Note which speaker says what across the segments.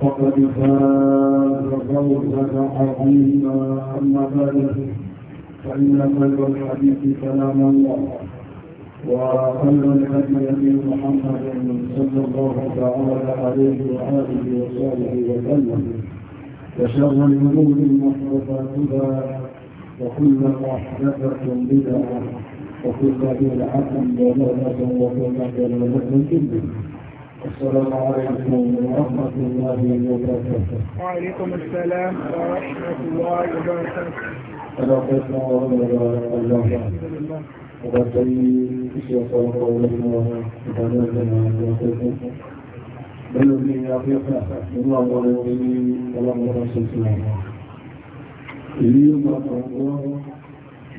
Speaker 1: فقد فاز فوزا عظيما اما بعد فان خير الحديث كلام الله وخير الهدي هدي محمد صلى الله تعالى عليه واله وصحبه وسلم وشر الامور محدثاتها وكل محدثه بدعه وكل بدعه ضلاله وكل ضلاله في الدنيا السلام عليكم ورحمة الله وبركاته وعليكم السلام ورحمة الله وبركاته أدعوكم الله وبركاته إشياء صلى الله عليه وسلم بلو بي أفيقنا الله ورحمه الله ورسوله اليوم الله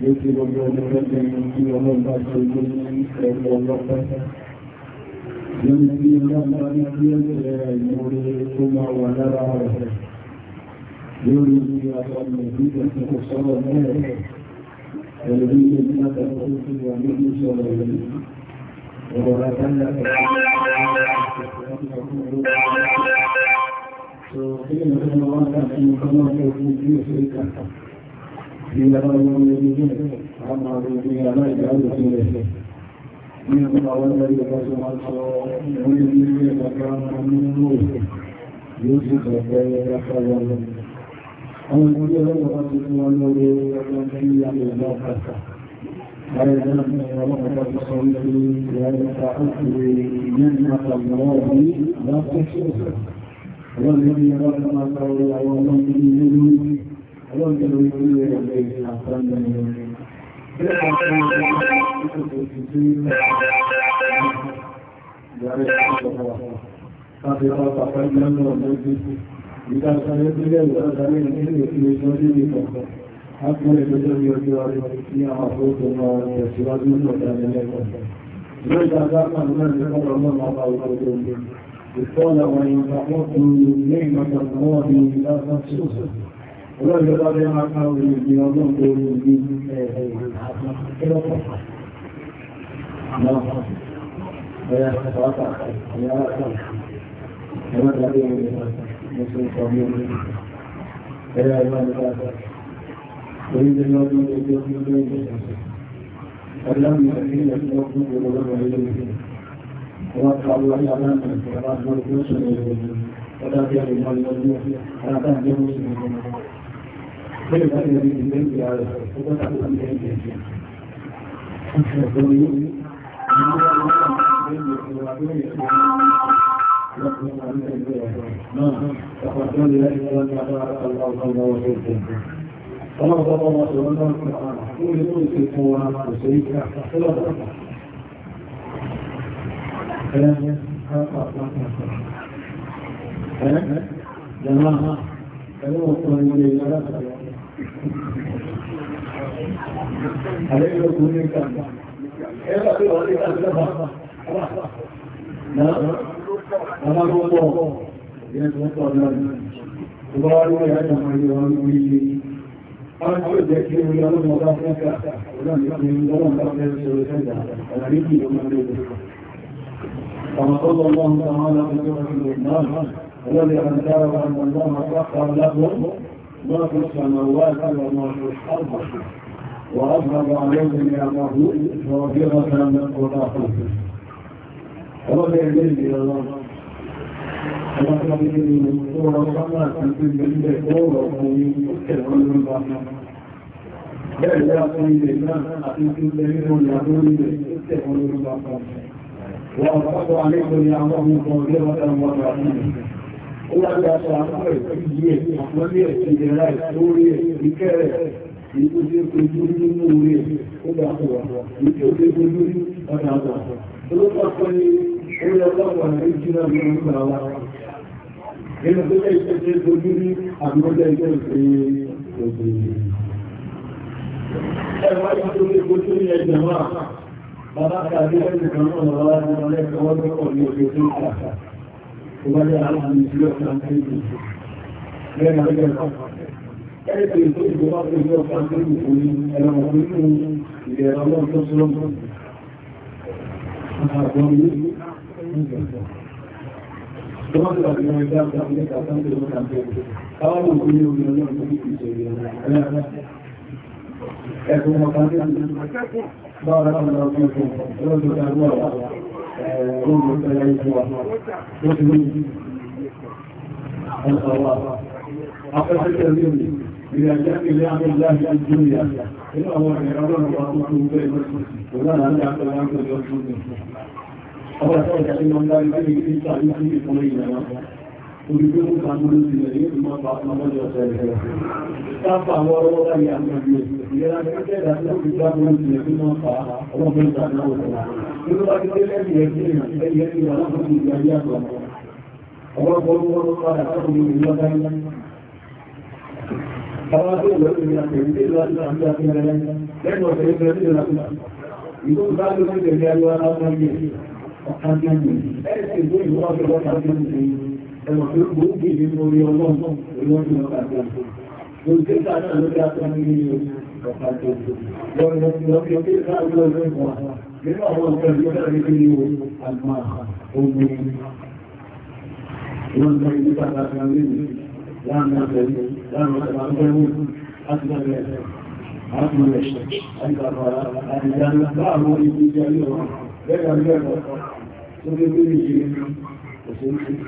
Speaker 1: يتبع الله ورحمه الله ورحمه الله ورحمه الله lórí bí ọlọ́run bá ní kí ó tẹ̀lẹ̀ ìmúrí tó máa wà lára rẹ̀ lórí bí ọlọ́run ìlú tẹ̀sán kò sọ́rọ̀ mẹ́rẹ̀ pẹ̀lú bí ó ti láta tó tó wà nínú sọ̀rọ̀ rẹ̀ ọ̀rọ̀ àtàlà Ìlànà ìwọ̀n ìrìnlẹ̀, a máa rí ní aláìgbà òfin rẹ̀ nínú àwọn ẹgbẹ́ ìgbàjọ́ máa sọ orí ilé ìgbàjọ́ nínú yóò sì gbẹ̀gbẹ̀ ẹgbẹ́ lọ́rọ̀. Àwọn ìgbàjọ́ lọ́wọ́ bá ti fún wọn lórí ọjọ́ tí a lè lọ pàtà. Báyẹ̀ náà ní ọlọ́pàá bá ti sọ wípé ìyá ìta òkèrè ní àtàlọ́wọ́ bí lọ́pẹ́sọ̀rọ̀. Ọlọ́run ní ọlọ́pàá máa sọ orí àwọn ọlọ́run ní ilé lórí. Ọlọ́run ní orí ilé ẹgbẹ́ àtàlọ́wọ́ إذا كان يدري الأذان إليه في مجلس الفقه حتى يتجرب يجوار فيها مفروض ما يسوى دون مدان الفقه إذا كان من يقرر من الله قوله قال وإن تعطوا نعمة الله لا تحصوها Ọlọ́run bá bẹ́ máa ká orí ìgbé ọlọ́run tó orí ìgbé Ọlọ́run Ọdá bí a lè mọ́ ìlọ́dún ọ̀fẹ́, ara bá ń jẹ́ mọ́ ìlọ́dún ọ̀fẹ́ bẹ́ẹ̀ láti rí ilé ìyá rẹ̀ tó bá tàbí ní ẹgbẹ̀ ẹgbẹ̀ Ẹ̀rẹ́ Jẹ́mọ́ ẹ̀rọ ọ̀pọ̀ ilẹ̀ ìyára ṣàyọ̀ àlejò kò ní ká ẹ̀rọ pé wọ́n ní ká lọ́wọ́ náà ọmọ tó pọ̀ ìyẹn tó pọ̀ náà ìwọ́ wọ́n ní ẹ̀rọ máa yọ wọn ní ilé wọ́n tó jẹ́ kí ó yọ lọ́wọ́ bá fún ká ọ̀dọ́ ní lọ́wọ́ bá fẹ́ sọ̀rọ̀ sẹ́jà ọ̀nà ní kí ìjọba lè lè كما قال الله تعالى في سورة الإنسان الذي أنزل أن الله سخر لكم ما في السماوات وما في الأرض وأظهر عليهم نعمه مغفرة ورحمة رب الليل الله ونحن به من صورة السماء في الليل صورة ومن يكتب الرحمة بل يا قيد الناس أقيت الليل يقول يكتب الرحمة وأظهر عليهم نعمه مغفرة ورحمة Ìlàgbàta àwọn ìpínlẹ̀ àpọ́lẹ̀ ìrẹ́lá ìtórí ìkẹ́rẹ̀ ìtòdé kojú nínú orí ọgbà àpọ̀wà, ìtòdé kojú ọ̀nà àpọ̀. Olóta kọ́ ní orí ọlọ́pàá ní ìjìnà ìrìnlẹ̀ àwọn. Ẹnu tó lẹ́ ìtòdé kojú ní àgbọ́lẹ̀ ìjọ́ ìpínlẹ̀ وماذا يعلم من سلوك عن حيث لا يعلم الأفضل كيف يكون بعض الناس عن حيث أنا أؤمنه إذا الله تصلم قالوا كل يوم من الله ẹ̀kùn ọ̀kan ní bára ọ̀nà ọ̀kan fún lọ́dún ìdàgbọ́ ẹ̀rùn ìpẹ̀lẹ̀ ìjọba ló ti ní ọ̀sọ̀wà afẹ́fẹ́ tẹ̀lé ìrìnàjẹ́ ilé amẹ́láṣẹ́ ìjúyà inú àwọn ìrọ̀lọ́rọ̀ wà fún ọdún bẹ́ẹ̀ lọ́nà àti àpẹẹrẹ àpẹẹrẹ ọdún olùgbé mú kàmúlù sí ilẹ̀ yóò máa bá ọmọdé ọ̀sẹ̀ rẹ̀. Sáfà àwọn ọwọ́ láyé àmàlẹ̀ ìlera tẹ́tẹ́ ìdájọ́ òfin gbáàmù sí ilẹ̀ tó máa fà ọmọdé ìdájọ́ òfin. Nínú bá ti dé lẹ́yìn ẹgbẹ́ ìrìnàjò ẹgbẹ́ ìrìnàjò ọmọdé ìgbàlẹ́ àgbà. Ọwọ́ gbọ́rú wọ́n ló padà sọ́kùn ní ìlú ọ̀dá ilé. Àwọn akẹ́kọ̀ọ́ ló ń gbìyànjú ìlú àti àmì àti ẹ̀rẹ́ lẹ́nu ọ̀sẹ̀ ìgbẹ́ ẹmọ̀ tó gbóògbé nínú orí ọlọ́run olóòrùn ọ̀pá àjọ Gbogbo ìgbà náà ló dá tán ní ọ̀pá àjọ lọ́rọ̀ lọ́pẹ́ ọ̀pẹ́ ìgbà ọlọ́run ọ̀pá àjọ nínú àwọn ọ̀pẹ́ ìgbà ní orí àgbà omi wọ́n lọ ìlú bàbá kan nínú láàrín àbẹ̀rẹ̀ láàrín àbẹ̀rẹ̀ àti àbẹ̀rẹ̀ àti ìrẹsẹ̀ àti àbàrà àti ìdáná láàrín ibi ìjẹ́ ilé ọ̀rọ̀ bẹ́ẹ̀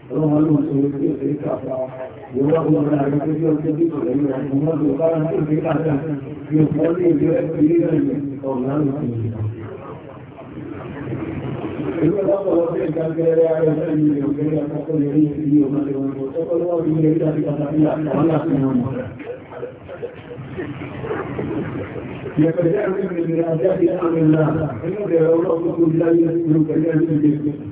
Speaker 1: اللهم لهم سبيل في سبيل يبلغوا من عبادك في وجهك ومن القرآن في سبيل يصلي في سبيل الله إذا تقول في كان كذا على سبيل يمكن أن تقول لي في يوم اليوم تقول الله في ذلك تقول الله سبحانه يفجأ من الناس أمر الله إنه يرى الله كل لا يسلك إلا بالجسم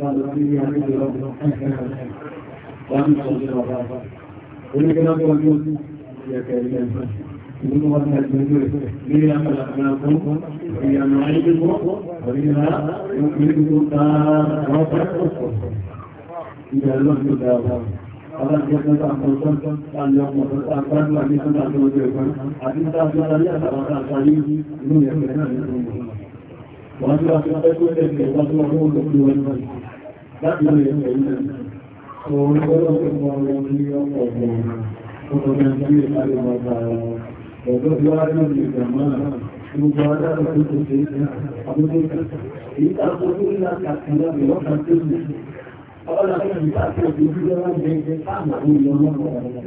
Speaker 1: وأن لا تكون إلا الله هو الأولى والملك láti lè rẹ̀ ilẹ̀ orí ọjọ́ tó mọ́ ọ̀rọ̀ ní ọ̀pọ̀ ọ̀pọ̀ nàìjíríà láti mọ́ ọ̀rọ̀ ọ̀dọ́ tó wá ní ìgbà máa gbogbo adára tó tó ṣe é Ìjọba ọlọ́run ẹ̀ṣẹ́ tí ó yẹ lọ́pàá fún òṣèlú àwọn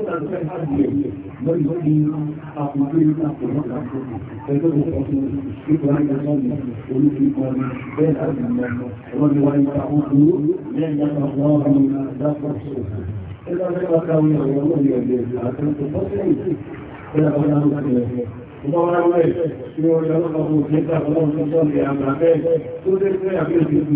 Speaker 1: àbẹ́ tó dé pé àbẹ́ òṣèlú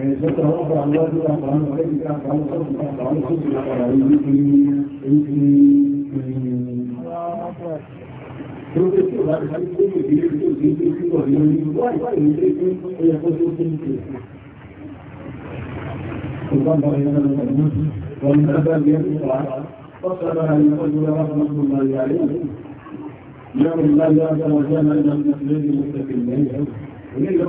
Speaker 1: ومن أبا بيده فصلها للرجل رحمة الله عليه يوم لا يأتى وجانا إلى المسجد المستقيم فقال لي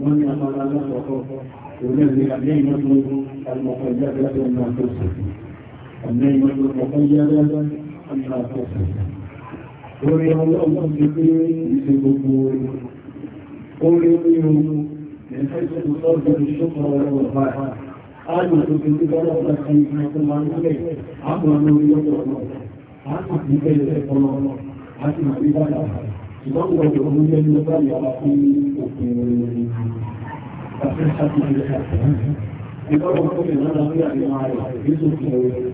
Speaker 1: من أمر الله وقفه ينزل النعمة المقيدة بما تصف النعمة المقيدة بما تصف ورئ الله المصدقين في قبور قولوا من حيث المصدر الشكر والوفاء أنا كنت بقول لك أن الله عليه عفوا نوري الله عفوا بكل الله عفوا بكل ṣùgbọ́n wọ́n tó mú lẹ́nu báyìí ọba fún òfin ọ̀fẹ́ ṣáàtì ilẹ̀ ṣáàtì ìgbọ́n tó lè náà lórí àríwá rẹ̀ ní sókè rẹ̀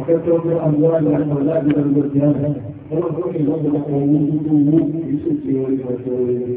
Speaker 1: ọ̀fẹ́ tó gbé àwọn aláìláìwọ̀ láti lọ́gbọ̀n tí a rẹ̀ ọlọ́gbọ́n tó lè lọ́gbọ̀n owó owó ní sókè rẹ̀ ọ̀fẹ́ rẹ̀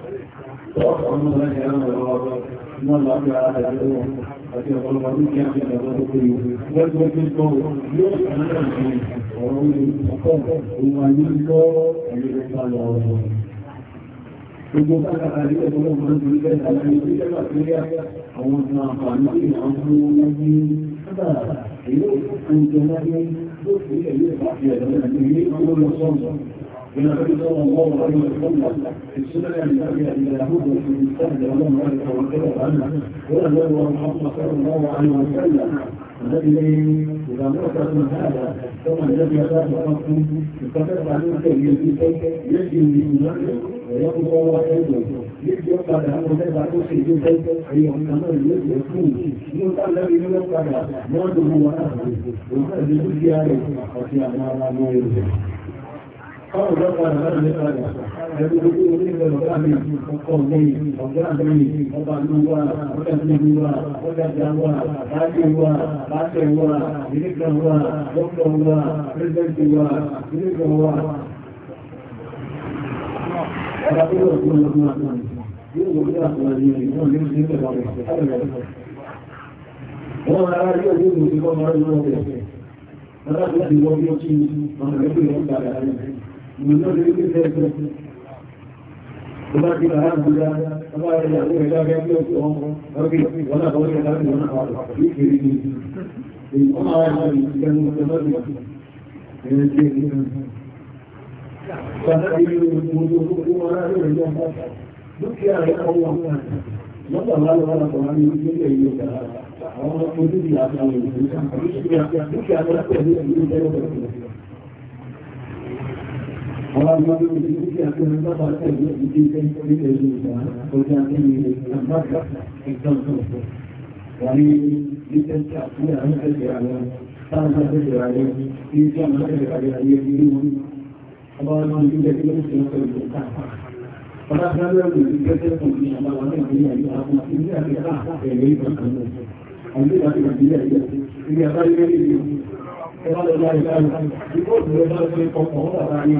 Speaker 1: Gbogbo káàkiri ẹgbẹ̀rún ọmọdé ní ẹgbẹ̀rún àwọn ìgbẹ̀rún àwọn ọmọ àǹfààní àwọn ọmọ ọmọ ní ọjọ́ ìlú ìjọba ní ló fi ẹ̀lú ìpàdé ẹ̀lú ìlú ọmọ lọ sọ́ọ̀sọ̀. النبي صلى الله عليه وسلم في السنن النبي الى يهود وفي المستهد اللهم ذلك وكذا عنه ولا نبي محمد صلى الله عليه وسلم الذي اذا مرت من هذا ثم الذي يدافع عنه يتفق عنك بيديك يجي من ذلك الله وحيده يجي يقعد عنه تبع نفسه بيديك اي امر يجي يكون يقع الذي لم اهله ماله واهله وهذه عليه وفي اعمال ما يرجع Kọ́kù lọ́pàá ìlànà nípa rẹ̀, ẹgbẹ́ orí orílẹ̀ ọ̀gá mi, ọkọ̀ mi, ọ̀gá mi, ọba lúwà, ọjọ́ ìlúwà, ọjọ́ ìjáwà, láti wà, láti wà, ìrìkà wà, lọ́pọ̀ wà, pẹ́sẹ̀ntì wà, ìrìkà wà. Ọba tó lọ́pàá ìlànà àtàrí, yóò wọ́n ní àtàrí ìwọ̀n ní ìsinmi ọ̀rẹ́ Wọ́n ará yóò ìwọ̀n ìwọ̀n ìwọ̀n Dúkìá rẹ̀ ọwọ́ ọ̀gbọ̀n lọ́pọ̀ láàrín ọ̀pọ̀ láàrín ìgbésẹ̀ ìlú ìjọba àwọn ọmọ ojú ìyàtọ̀ àwọn ìgbésẹ̀ dúkìá rẹ̀ pẹ̀lú ìlú ìjọba Àwọn ọmọdé orí ìdíkí àti ìrìnlọ́pàá tẹ̀lé ìdíkí ní ẹ̀rù ìgbà tó jẹ́ àti ìrìnlọ́pàá ìgbọ́nsọ̀ ọ̀pọ̀. Wà ní ìdíkẹ́ àti àwọn ẹgbẹ̀rẹ̀ àwọn táwọn ẹgbẹ̀rẹ̀ ayé tí ìjọ́ àwọn ẹgbẹ̀rẹ̀ ayé ní orí. Ọba ọmọ ìdíkẹ́ tí ó ń ṣe ọ̀pọ̀ ìgbà. Ọba ọmọdé orí ìdíkẹ́ tí ó ń ṣe ọ̀pọ̀ ìgbà. Ọba ọmọdé orí ìdíkẹ́ tí ó ń ṣe Ilé ìwòsàn ìjàdínà fèsì, tàbí àwọn olóòrùn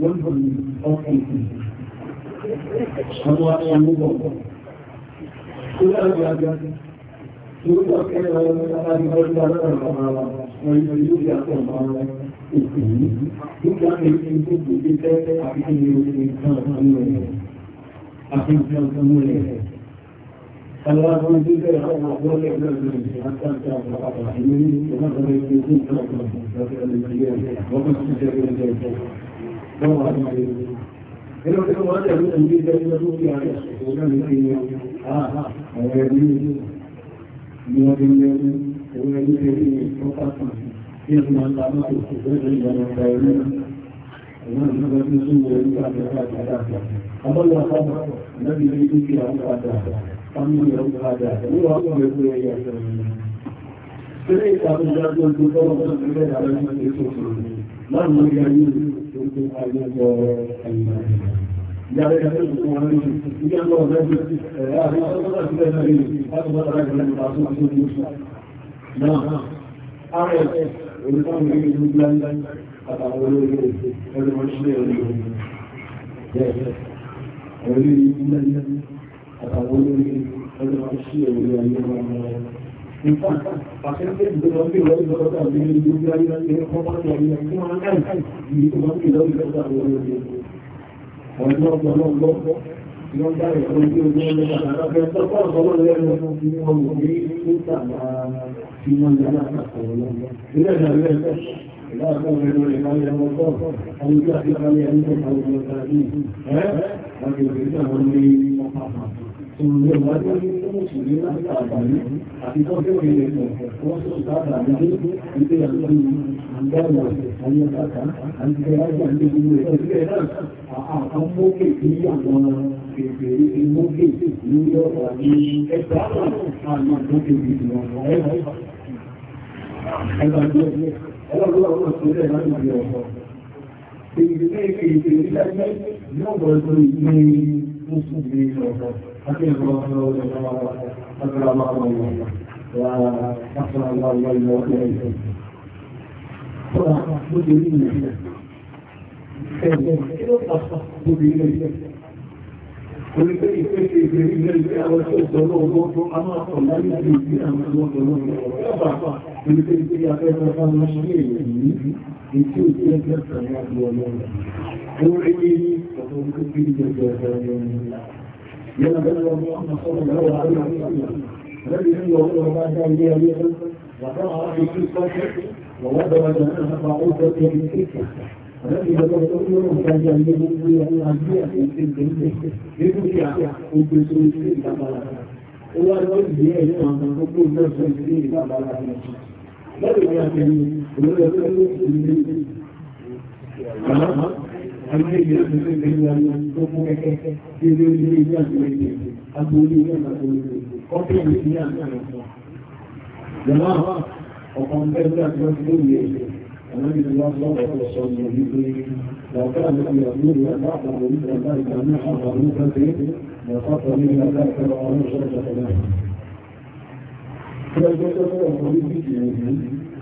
Speaker 1: wọ́n ń bọ̀ ní ọkùnrin. Àwọn àyàmúgbọ̀. Tó láàrín àjá, tó lọ́pọ̀ kẹ́lẹ̀ ọ̀rọ̀ láti ọdún àrẹ́rẹ̀ ọ̀rọ̀ àwọn ìlú ìlú ìyàtọ̀ àwọn ìpìlú. Tó láàrín ìlú ìgbé tẹ́ àti ìlú ìkan àmúrẹ̀. Àti ìkan àmúrẹ̀. Aláàrín ìlú ìgbé Nínú tí wọ́n tẹ̀lú ẹ̀mí ìjẹ́ lórí ń ta mọ́tò ìgbẹ́jọ ìjọba ní láàrín àwọn ọ̀sọ́gbọ́n ti lẹ́gbẹ̀ẹ́ rí láti bọ́ta láti lẹ́gbẹ̀ẹ́ bá tó àti oṣù. Náà, ààrẹ olùkọ́ni ní ìlú Gbáńdá àtàwọn olóògbé ẹgbẹ́ wọn ṣílẹ̀ orí orí. Bẹ́ẹ̀ ẹ̀rí ìlú Gbáńdá àtàwọn olóògbé ẹgbẹ́ wọn ṣílẹ̀ orí ìfọ́n ìjọba ń bèèrè lọ́wọ́ ìjọba àti ilé ìlú ayé láti ẹ̀kọ́ pàṣẹ àríyá tí wọ́n ń káì ìlú tó máa ń bèèrè mùsùlùmí láti àgbàmí àti tọ́jú ìrìn ẹ̀sọ̀ wọ́n tó sáàbà nílé ilé àti àgbàmọ̀ ayé kàkà àti ẹ̀rájà ní gbogbo ẹ̀sọ̀ sílẹ̀ náà àwọn mókè tí àwọn kèfèrè ti mókè ní ọ̀pọ̀ àti Ìgbìmọ̀ ìfèsè Oríṣẹ́ ìpèsè ìgbèrí lẹ́gbẹ́ àwọn ṣọ́jọ́ lọ́wọ́ tó a máa kọ̀ láyé ìgbèrí bí àwọn ọmọdé lọ́wọ́. Ẹgbàfà, oríṣẹ́ ìgbèrí afẹ́fẹ́ fún ọmọ ṣe èèyàn yana ganin Muhammad sallallahu alaihi wasallam الذي عنده عمر ما كان لي يدا وقرأ في الصفحة ووضع جهنم بعوضة من سكة الذي بدأت أمره كان يجب أن يكون عزيزا في الجنة يبكي وبسوء الكبار وأنا أجزي أيضا أن أقول نفسي في الكبار لا يمكن أن
Speaker 2: يكون
Speaker 1: Ọ̀kan bẹ́ẹ̀ bí i àti lórí ẹ̀ṣẹ̀, ẹ̀mọ́bí ni wọ́n sọ́pọ̀ ọ̀sọ̀ ní orí pé lọ́pẹ́ àti ìyàwó ìrọ̀lápàá orí ìrọ̀lá ìgbàmí àwọn àwọn ìgbàmí lọ́pàá orí ìrọ̀lá ìgbàmí àwọn ìṣẹ́ ìjọba náà.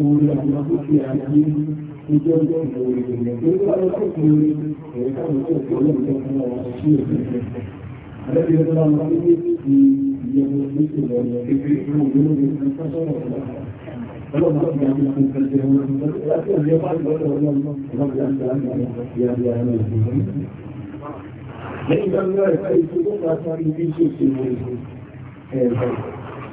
Speaker 1: orí àwọn akókè ayé ìjọ ìjọ ìwòrè ìrìnlẹ̀ tó bá lọ́pọ̀ tó rí ẹ̀ka ìjọ ìjọ ìjọ fún ọmọ sí ìrìnlẹ̀. Àlẹ́bí ẹgbẹ́ náà máa ń gbé ti ìyẹ̀wò ìgbésẹ̀ lọ́yẹ̀ kékeré fún ògbólógbé fún sọ́sọ́rọ̀ Ọlọ́run tó fi àwọn ọmọ ìfẹ́ jẹun láti ọ̀rẹ́ bá lọ́dọ̀ ọlọ́run náà láti àti àmì àwọn ìyàwó àwọn ìfẹ́. Lẹ́yìn ìgbàlúwà ìfẹ́ ìṣẹ́ tó bá sáré ilé iṣẹ́ ìṣẹ́ ìwé ẹ̀rọ.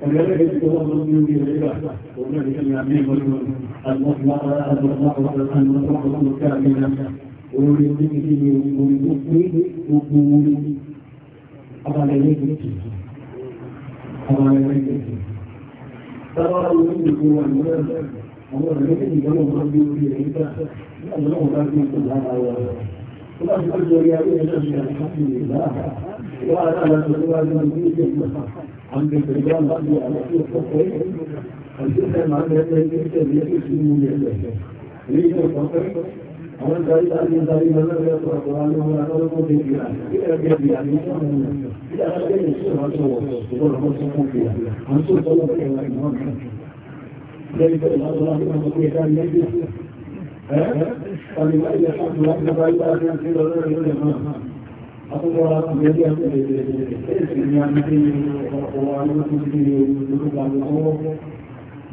Speaker 1: كذلك يذكرون من العباد وذلك اليمين المطلق المطلق المطلق الكامل ويريده ويؤذيه وقول أرى إليك أرى إليك ترى المنك والمدرس هو الذي يجب أن يريد العباد لأنه لا يكون هذا وأشهد أن لا إله إلا الله وأنا على أزواج من عند الرجال رضي على كل خطوة الجسم عند هذه الكتابية يسلم بيده ليس الخطر ومن ذلك أن ذلك من يقرأ القرآن ولا تركه في الجهاد إلى بيد يعني إلى أخرين السورة والمرسخون فيها عن سورة الله ذلك الأمر ذلك الأمر الذي كان يجلس فلمن يشهد لك فإذا كان في غير الإمام أطلع بيدي نعمتي وعلمتي بكل عن الأمور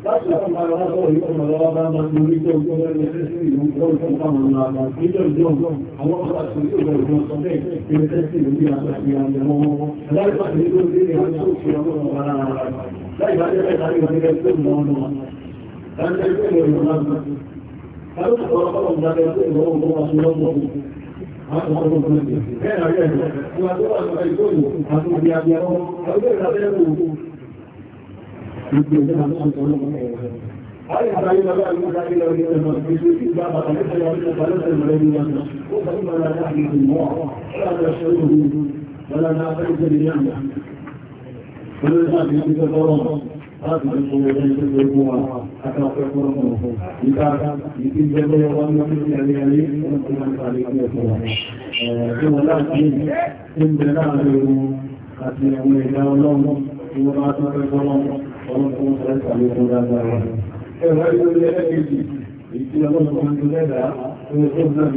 Speaker 1: لكن على هذا يؤمن الله ما نريد أن يكون الإسلام يقول سبحان الله إذا اليوم الله أكبر يقول المصدق في التسليم بها تحيان الأمور لا يفعل به عن سوء ولا لا يفعل به عن سوء ولا لا يفعل به عن سوء Kalau tak orang kalau menjaga itu, orang orang masuk dalam itu. Aku tak tahu mana dia. Kan ada. Dua tu orang pakai itu, aku dia dia orang. Kalau dia tak ada itu, itu dia nak masuk dalam mana. Hari hari lagi lagi lagi lagi lagi. Itu juga bahagian dari orang kalau dari Malaysia. Oh, kalau Malaysia ini semua, kalau ada sesuatu, kalau nak ada láti fi ṣe ẹgbẹ́ tó ṣe fún wa àtàkùn ẹ̀kọ́ ọmọ ọ̀fọ́. Ìta ìdí jẹ́ bẹ́ẹ̀ wọ́n ní ọdún ẹ̀rí ẹ̀rí ẹ̀rí tó máa ń parí ní ẹ̀kọ́ wa. Ẹ̀ẹ́dẹ́ wọn láti ní ń bẹ láàrin ohun àti àwọn ẹ̀dá ọlọ́run tí wọ́n bá tún fẹ́ fọ́lọ́ ọlọ́run tó ń fẹ́ sàlẹ̀ fún dáadáa wa. Ẹ̀rọ ìlú ẹlẹ́gbẹ̀ẹ́jì, èyí tí ọlọ́run kan tó lẹ́dàá, ó ń tó ń náà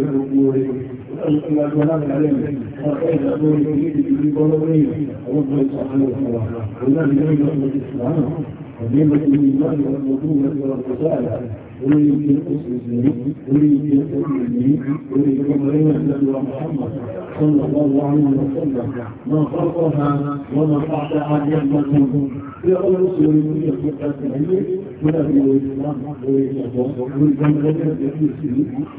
Speaker 1: والمنام عليهم وكيف أقول يريد يريد ولوني أوضع سبحانه وتعالى والله يريد أن يسمعنا ونعمة الإيمان والبطولة والرسالة ومن يمكن أسر الزمين ومن يمكن أسر الزمين ومن يمكن رينا النبي محمد صلى الله عليه وسلم ما خلقها وما قطعها يمكن يقول رسول الله من أبي الإسلام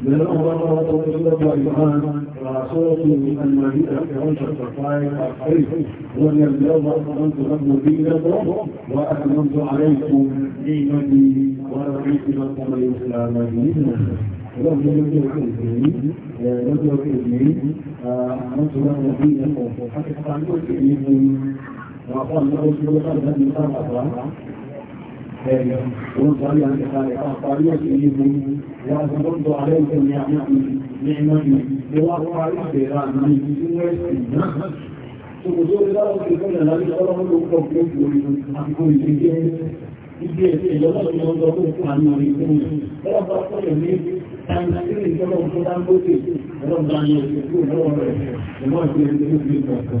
Speaker 1: من الأمراء وطول الرحمن وعصوة من مدينة عشر فقائق أخير ومن الله أنت رب دينكم وأكملت عليكم دينتي ورحمت لكم الإسلام دينا اللهم يجب الكلمين يجب الكلمين أنت رب دينكم وحتى تعلمت إليكم وأتممت عليكم نعمتي نعمتي لوقوع الاحترام من جسم Ìgbòjò ìdáwọ̀ ìgbòjò ìlànà ìṣọ́lọ́wọ́ ló pọ̀ pé ìgbòjò àkókò ìgbèjì ìgbé ẹ̀sẹ̀ ìjọba ìjọba ọjọ́ tó fún àmì orí fún mi. Ẹlọ́pàá pọ̀lẹ̀ ní Tàìmàtírí ìjọba ọjọ́ tó dáńgbótè, ẹlọ́pàá ní ọjọ́ tó lọ́wọ́ rẹ̀, ìmọ̀ ìgbé ẹ̀sẹ̀ ìgbé ìgbà kan.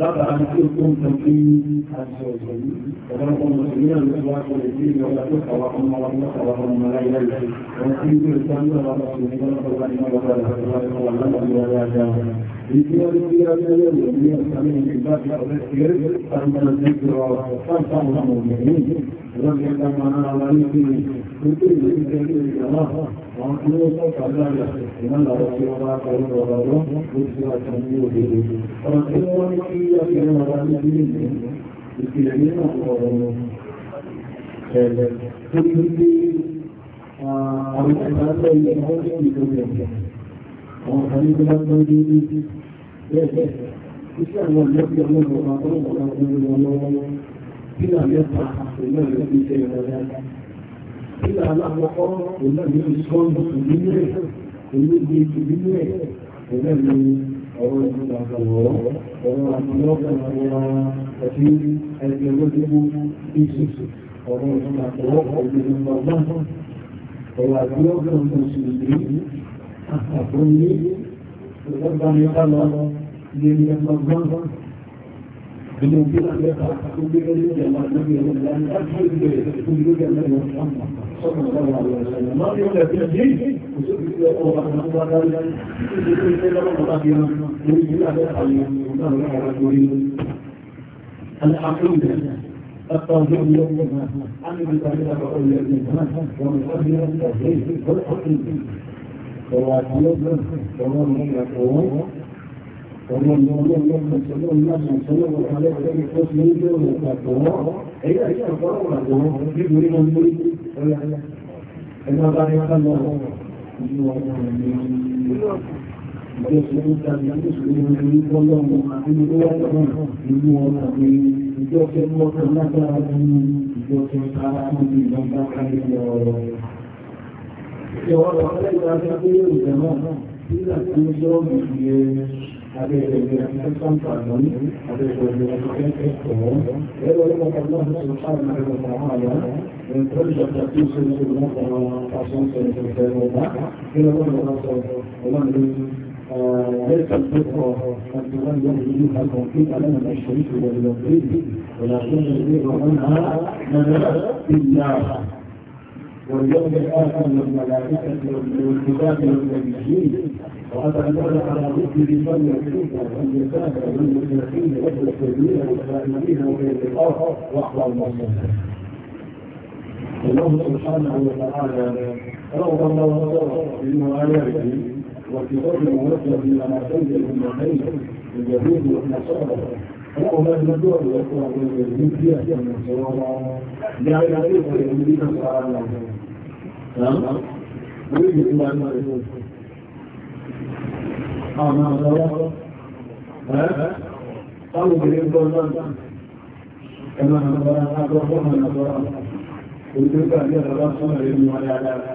Speaker 1: dábàá ní tí ó tó ń tàn sí àṣẹ ọ̀sẹ̀ yìí ọ̀pọ̀lọpọ̀ ló wá sọ èdè ìlú ọ̀la tó kàwá ọmọ wa ní kàwá ọmọ wa láyé láyé wọn tí ó tó ń tàn sí àwọn ọmọ wa ní kàwá ọmọ wa láyé láyé wọn lábàá ní ọ̀la ajá Ìdí ọdún bí a lè lè ní ọ̀sánì ìgbà tí ọ̀rẹ́ ti rí àǹtàlà sí ìjọ fáńtàn ọmọ òmìnirí. Ìjọba ìjọba máa ń ra wa ní ìlú àwọn tí ó sọ́kà lára ìrànlá tí ó bá kọrọ ọ̀rọ̀ lọ́wọ́ ó ti wà tán ní òdòdó ọ̀rọ̀ tí wọ́n ní kí ọkùnrin ọ̀rọ̀ ní ilé ìlú ìpìlẹ̀ nínú ọ̀rọ̀ ẹ̀lẹ̀ tó ní bí àwọn ìpàdé ìwọ́n ní ìdókòwò àwọn kan ní bí wọ́n tó ní ọ̀rọ̀ ọ̀rọ̀ ọ̀rọ̀ ọ̀rọ̀ ọ̀rọ̀ nígbà aláwọ̀kọ́ olóògbé ìṣọ́nù ìbílẹ̀ olóògbé ìbílẹ̀ olóògbé ọ̀rọ̀ ìgbàgbọ̀rọ̀ ọ̀rọ̀ àtìlọ́gbàgbọ̀rọ̀ àti ẹgbẹ̀ olóògbé ìṣẹ̀ṣẹ̀ ọ̀rọ̀ ìgbàgbọ̀rọ̀ ọ̀rọ̀ àtìlọ́gbàgbọ̀rọ̀ ìṣẹ̀ṣẹ̀ àtàkùn ní ọgbàmí بالممكن أن يقع كل بيت الله النبي أن أدخل البيت كل بيت النبي محمد صلى الله عليه وسلم ما يقول لك تجيب وسبب إلى الله أن الله قال يقول لك إلى الله قادما يريد الله يتعلم الله يعرف يريد العقيدة التوحيد يوم عمل الطريقة وقول الإنسان ومن قبل التوحيد والحقيقة سواء يوم ومن قبل Òun ni olóògbé ìṣòro ti ń gbé òun ìgbàgbọ́. Èyí àti ọ̀pọ̀lọpọ̀ ìgbàgbọ́ abbiamo sant'anni, abbiamo e volevo parlare sul farma che travaglia, nel progetto da più se ne sono abbastanza interessata, che la loro nostra volante ليس الفطرة قد تغير إليها التوفيق لنا الشريك ولا البيت ولكن البيت منها نجاة بالله واليوم الآخر والملائكة والكتاب والنبيين وقد وأتمنى على رسل من يكون واليتامى والمساكين والمسلمين والسائلين وبين الأرض وأحوى المصلحة الله سبحانه وتعالى رغم ما وصل من آياته وكتاب موجه إلى من الخير اليهود والنصارى ọmọ ìlọ́jọ́ ọ̀rọ̀ ẹ̀kọ́ àwọn ẹgbẹ̀rẹ̀ ní bí àti àwọn ìṣẹ́wọ́ wọn ní ayé ayé ìpẹ̀lẹ̀ ní bí kan sára ní àwọn orí ìlú máa ń lọ ẹ̀rọ àwọn ọ̀dọ́wọ́ táwọn obìnrin gbọ́ náà ẹ̀mọ́ àgbàrá agbọ́gbọ́ àgbàrá olùdókà ní ọ̀dọ́wọ́ sọ́nà ìlú wọn dáadáa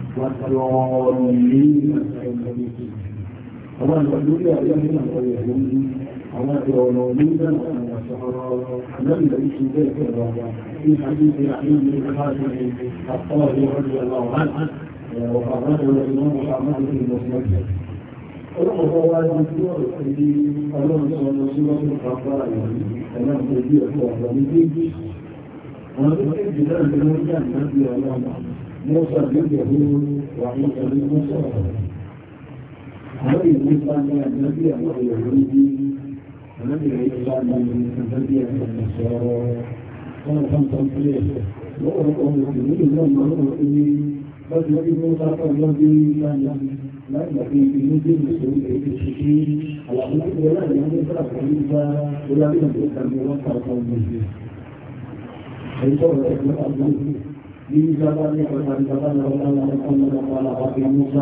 Speaker 1: والضالين أولا فالدولي أعلمنا ويهلون أولا فالولومين وأنا سحرارا لم يعيش ذلك الرابع في حديث يحيي بن الخاتم الطاهر رضي الله عنه وقرره الإمام أحمد بن مسلم Ọlọ́pọ̀ fọwọ́ ẹni tí ó rẹ̀ sí ọlọ́run sọ lọ sí lọ́pọ̀ pàpá ìrìn ẹ̀nà ìgbẹ̀bí ẹ̀kọ́ ọ̀pọ̀ ní bí i. Wọ́n tó kéjì náà lè mú jẹ́ àmì Musa lójòwó wà ní ẹ̀rí Musa ọ̀rọ̀. Àwọn ìlú bá ní àjọ́bí àwọn ìrọ̀lú bí alábìrẹ̀ ìlà ní àjọ́bí àwọn ìṣọ́rọ̀ wọn kan kan sílẹ̀. Lọ́wọ́ ọmọ ìlú náà máa ń rọ̀ ní lọ́jọ́ bí Musa kan lọ́dí láyà láìgbàgbé inú bí ìṣòro èdè ṣe kí àlàbí ìwọ̀lá ìyàwó sáà kan ní bá orí àríyànjẹ́ kan ní wọ́n kà kan ní ìṣẹ́. من جبل ومن جبل ومن محمد قال وفي موسى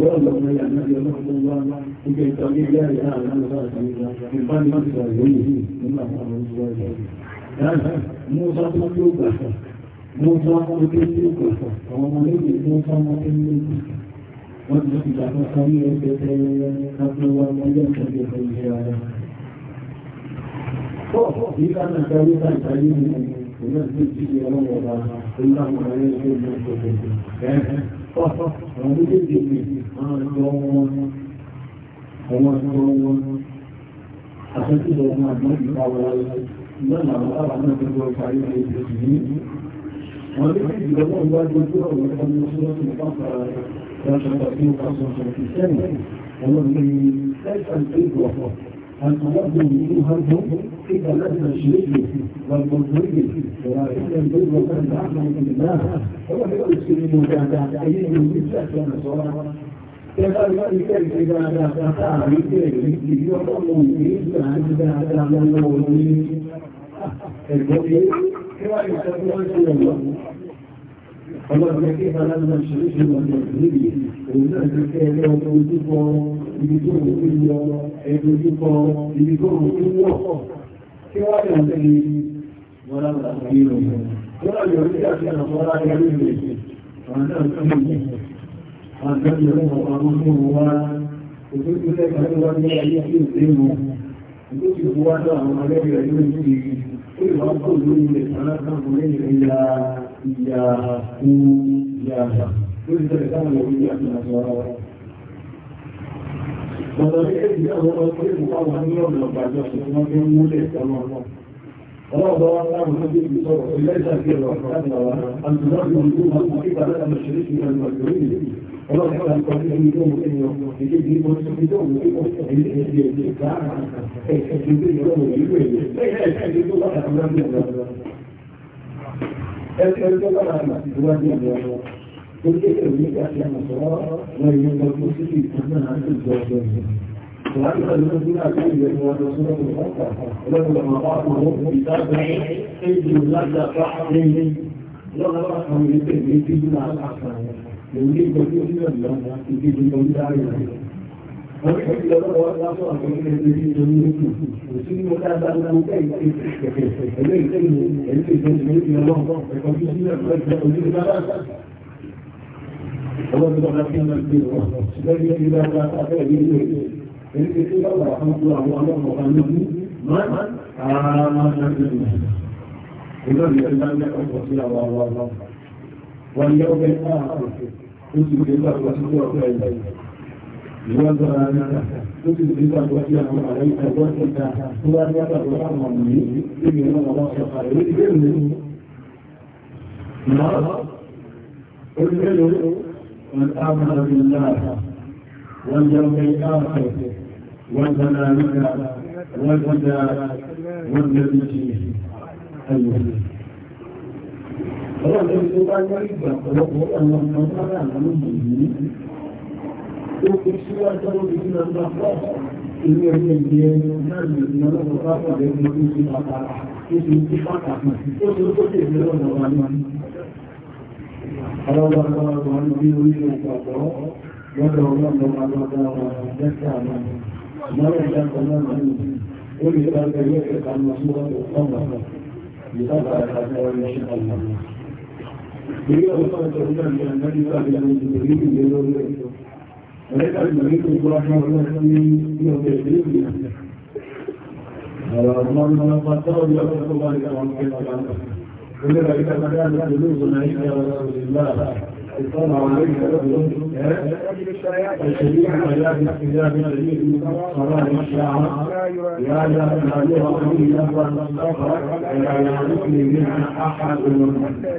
Speaker 1: ورد من النبي رحمه الله ان كان تقدير لا اله الا الله من بني مصر يريد الله سبحانه موسى مطلوب موسى مطلوب ومن موسى مطلوب وَالْمُؤْمِنُونَ خَيْرٌ قَبْلَ وَمَنْ يَتَّبِعُ الْهَوَى. فَإِذَا كَانَ ذَلِكَ فَإِنَّ ونزل فيه يوم إنه لا يزول المسجد ومن ليس الفيض وفوق التوضع منها الجوء في بلد الشريك والمنزل ولكن البر قد أعلم بالله هو في المسلم مجاهدة أيه من سأسة نصارى كذلك إذا دفع بكيفه يقوم بإسلام بعد المولين الجوء كما يسمى الله فلما كيف لنا الشريك والمنزل ونزل كيف يوم ibi tó ń fi yọ ẹgbẹ́ ojúkọ ibi tó ń fi wọ́ kí wá yọ sí wọ́n lábàá sí ìlú wọ́n yọ sí àti àwọn aráyé lórí rẹ̀ wọ́n náà tó ń yí wọ́n tó ń yọ ọmọ ọmọ fún wa òtún tó lẹ́ka tó wá ní ayé tí ò sí mu òtún tó fi wá tó àwọn alẹ́bí rẹ̀ lórí sí ó lè wá kó lórí rẹ̀ alákàkùnrin ìyá ìyá kú ìyá lórí tẹ̀lé táwọn ìyá ìyá àti àwọn ọ̀rọ̀ Bàbá rí èdè àwọn ọmọ tí ó wà ní ọ̀nà àgbàjọ ṣùgbọ́n bí ń múlẹ̀ ìtọ́nà náà. Ọlọ́ọ̀bọ̀ wọn láwọn ọmọdé ìlú sọ̀rọ̀ ilé ìṣàkí ọ̀rọ̀ àti àwọn àjùmọ̀ ìlú wọn kò kí bàbá àmì ṣeré sí ìlú àgbèrè. Ọlọ́ọ̀bọ̀ wọn kọ́ sí Porque eu vi que aqui na sua, na minha mão, eu consegui terminar esses dois anos. Claro que eu não vi na vida, eu não sou uma volta. Eu não uma volta, eu não vi da bem, eu vi lá da barra, nem nem. Eu não era como ele tem, eu vi lá da barra. Eu vi que eu vi na vida, eu vi que eu vi da vida. Mas eu vi lá da barra, lá só, eu vi que eu vi da vida. Eu vi que eu vi da vida, eu vi ọlọ́run lọ́la kí wọ́n gbé wọn lẹ́yìn ẹni dáadáa abẹ́ ẹ̀yìn ilé rẹ̀ èyí ti tí bàbá kan tó àwọn ọlọ́run ọba ní ní máa ara máa ń rẹ̀ ní ìlú ìlú ìlú ìlú ọkọ̀ sí àwọn àwọn àwọn wọn yẹ ọgbẹ́ náà ó sì gbé gbàgbọ́ sí pé ọgbẹ́ ẹ̀yà ìwọ́n gbọ́ra ní ó sì gbé gbàgbọ́ sí àwọn ààrẹ ìtàgbọ́ sí ìta tó wá ní àgbàgbọ́ àwọn ọmọ yìí níbi ìran ọmọ ọ̀sán ààrẹ ó والأمر بالله واليوم الآخر والملائكة والهدى والنبيين المسلمين Ọlọ́run tó bá yọrí ìgbà ọ̀pọ̀lọpọ̀ ọmọ ọmọ ọmọdé àwọn ìgbìyànjú. Ó kò síwájú lórí ìlú ọmọ ọmọ ìlú ẹgbẹ́ ìgbẹ́ náà ní ọlọ́pọ̀ bá pàdé ní orí ìlú àpá. Ó ti ń tí pàtàkì. Ó ti ń tó tèèrè lọ́nà ọmọ ọmọ ọlọ́wọ́ ọlọ́wọ́ ní bí orí ìpàdọ́ lọ́dọ̀ ọlọ́dọ̀ ọlọ́dọ̀ ọ̀rẹ́sẹ̀ àmà mọ́rọ̀ ìdájọ́ náà ní orí ìpàdọ́ ilé ìpàdọ́ lọ́dọ̀ ọ̀rọ̀ ìpàdọ́ àtàkọ́ ọ̀rẹ́sẹ̀ àmà Ilé ọ̀sán ìjọba ìjọba ìjọba ìjọba ìjọba ìjọba ìjọba ìjọba ìjọba وليس المريض برحمة الله يوم يجريب على أضمان من الله تعالى يقول الله تعالى ولما كان مدام قلوبنا عند رسول الله الطمع عليه رجل الشريعة لا بنفس الله من الدين صلاة الشعر لا لا لا يرى من أفضل الصفر لا منها أحد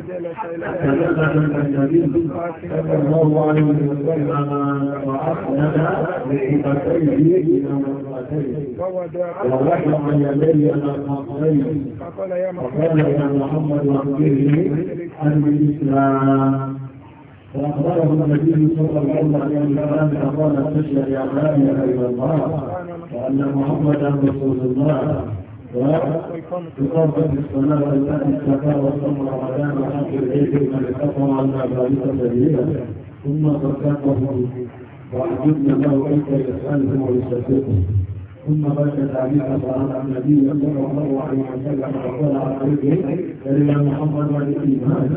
Speaker 2: تجلس النبي صلى الله عليه
Speaker 1: وسلم وأحدث بحفتيه إلى مرتين ورحم يديه الى الخطين فقال يا محمد أخبره عن الإسلام فأخبرهم النبي صلى الله عليه وسلم فقال خشي الإعلام يا أيها الله وأن محمدا رسول الله وتقدم بالصلاة التي استفاء وصلى رمضان وحق العيد من الكفر عما ذلك سبيلا ثم تركتهم وأعجبنا له كيف يسألهم ويستفيقهم ثم بات تعليق صلاة النبي صلى الله عليه وسلم وقال عن قلبه إلى محمد والإيمان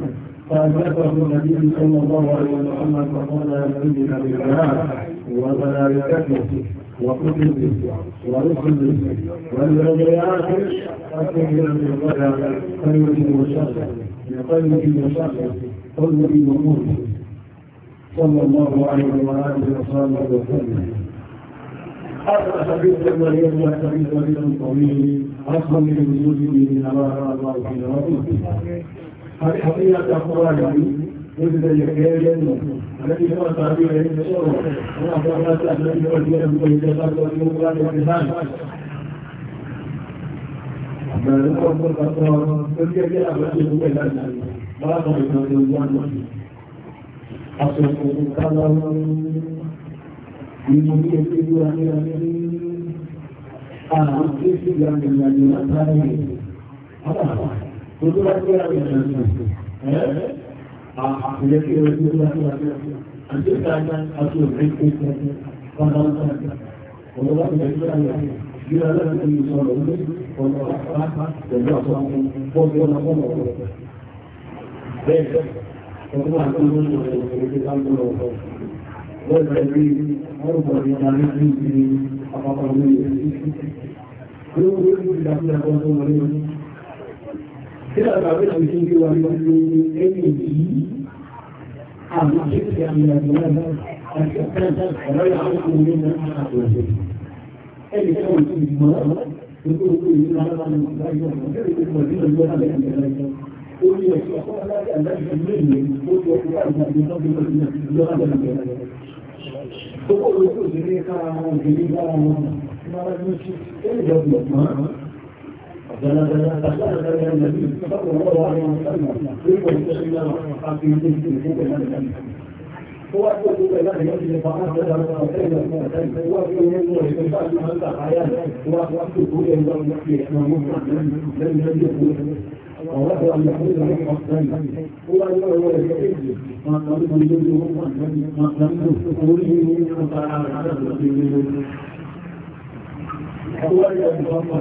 Speaker 1: فأدركه النبي صلى الله عليه وسلم فقال يا سيدي بالبنات ورسل وكتبه ورسله اخر أكثر من الرجع خيره وشره لخيره وشره قلبه وقوته صلى الله عليه وآله وصحبه وسلم أصبح حديثا مريم حديثا طويل أصل من وجوده من الله في ربه حقيقة قرآن يجب أن يحيي جنة الذي هو تعبير عند الشر ونحن الذي هو الدين بالإجابات والإمكان والإحسان ما نقوم بالقصار فالجميع أبعده إلى الناس بارك الله في الجنة أصبح القلم لمنية الوحيد أنا أصبح في الجنة الذي أتاني الله Gbogbo láti wá ní ẹ̀rọ ẹ̀rọ. Àpùlẹ̀ kí ẹ̀rọ tó láti wá ní ẹ̀rọ. Àti ìta ìta àti òbí tó ti ẹ̀rọ. Wọ́n bá ń sọ ẹ̀rọ. Ọ̀rọ̀ láti ẹ̀rọ láti ẹ̀rọ. Bí ọlọ́run ti sọ ọ̀rọ̀ lórí ọ̀rọ̀ àpá pẹ̀lú Kílá bàbá ìlú tí ń gbé wa ní ọdún ẹni yìí, àwọn àṣíkè àmì àgbà náà àti àkáńtà ọ̀rọ̀ àwọn ọmọdé náà ń ṣàkóso. Ẹni tí wọ́n ti mọ̀ ọ́, gbogbo gbogbo ìlú فكان النبي صلى الله عليه وسلم يقول لله حق من ذلك هو أسود إلى يجري فأنا بدر وكيل المعتد وفي يمه بالفعل هذا حياة وأسود إلى المحيي محمود لم يجد وله أن يحول لهم أصلاً هو أن يحول الكئيب ما قلت من جنده ما قلت سكوره من أطاع العدد وفي جنده هو أن يحول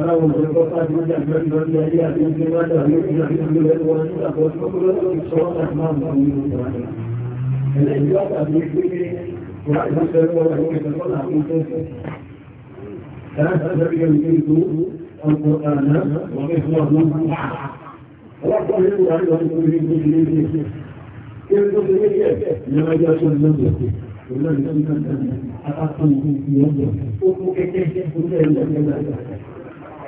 Speaker 1: ọlọ́run òjò kọ́ fájú ọjà lórí lórí ayé àti ìgbé wájà lórí àti ìgbé lórí wọn ní àkọsí ọkùnrin ìṣọ́wọ́ àti máa ń bọ̀ ní ìlú wa. ẹ̀lẹ́ ìlú àtàbí pé wà ní ìṣẹ́lẹ̀ wọn àwọn ìṣẹ́lẹ̀ wọn àwọn ìṣẹ́lẹ̀ Kí ló ṣe ní ẹ̀ẹ́ ìyẹn ajá ṣe ń lọ́dọ̀ sí? Ìlú ìṣẹ́lẹ̀ àtàkùn ìyẹn lọ́dọ̀. Ó kú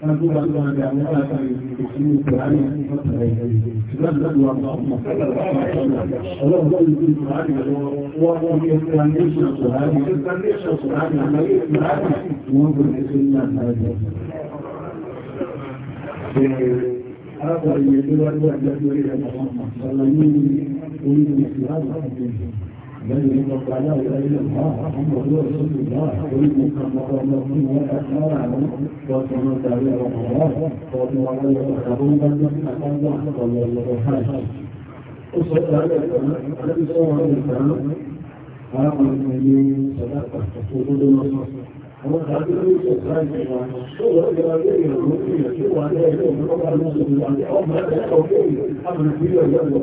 Speaker 1: Arábàrin ẹgbẹ́ wájú àjọ́jú orílẹ̀-èdè ọmọ ọmọ sọ́lọ́ ní orílẹ̀-èdè ìsìláàbà ọdún. الذي يطلع لا اله الا الله محمد رسول الله ويؤمن كما الله والاسماء وكما تعالى الله وكما عليه يتقون الله صلى الله عليه وسلم وصلى على النبي صلى الله عليه وسلم قام المؤمنين صدقه وجود النصر وقال له سبحانه وتعالى شو رجع عليه المؤمنين شو عليه المؤمنين وقال له سبحانه وتعالى امر بالتوحيد امر بالله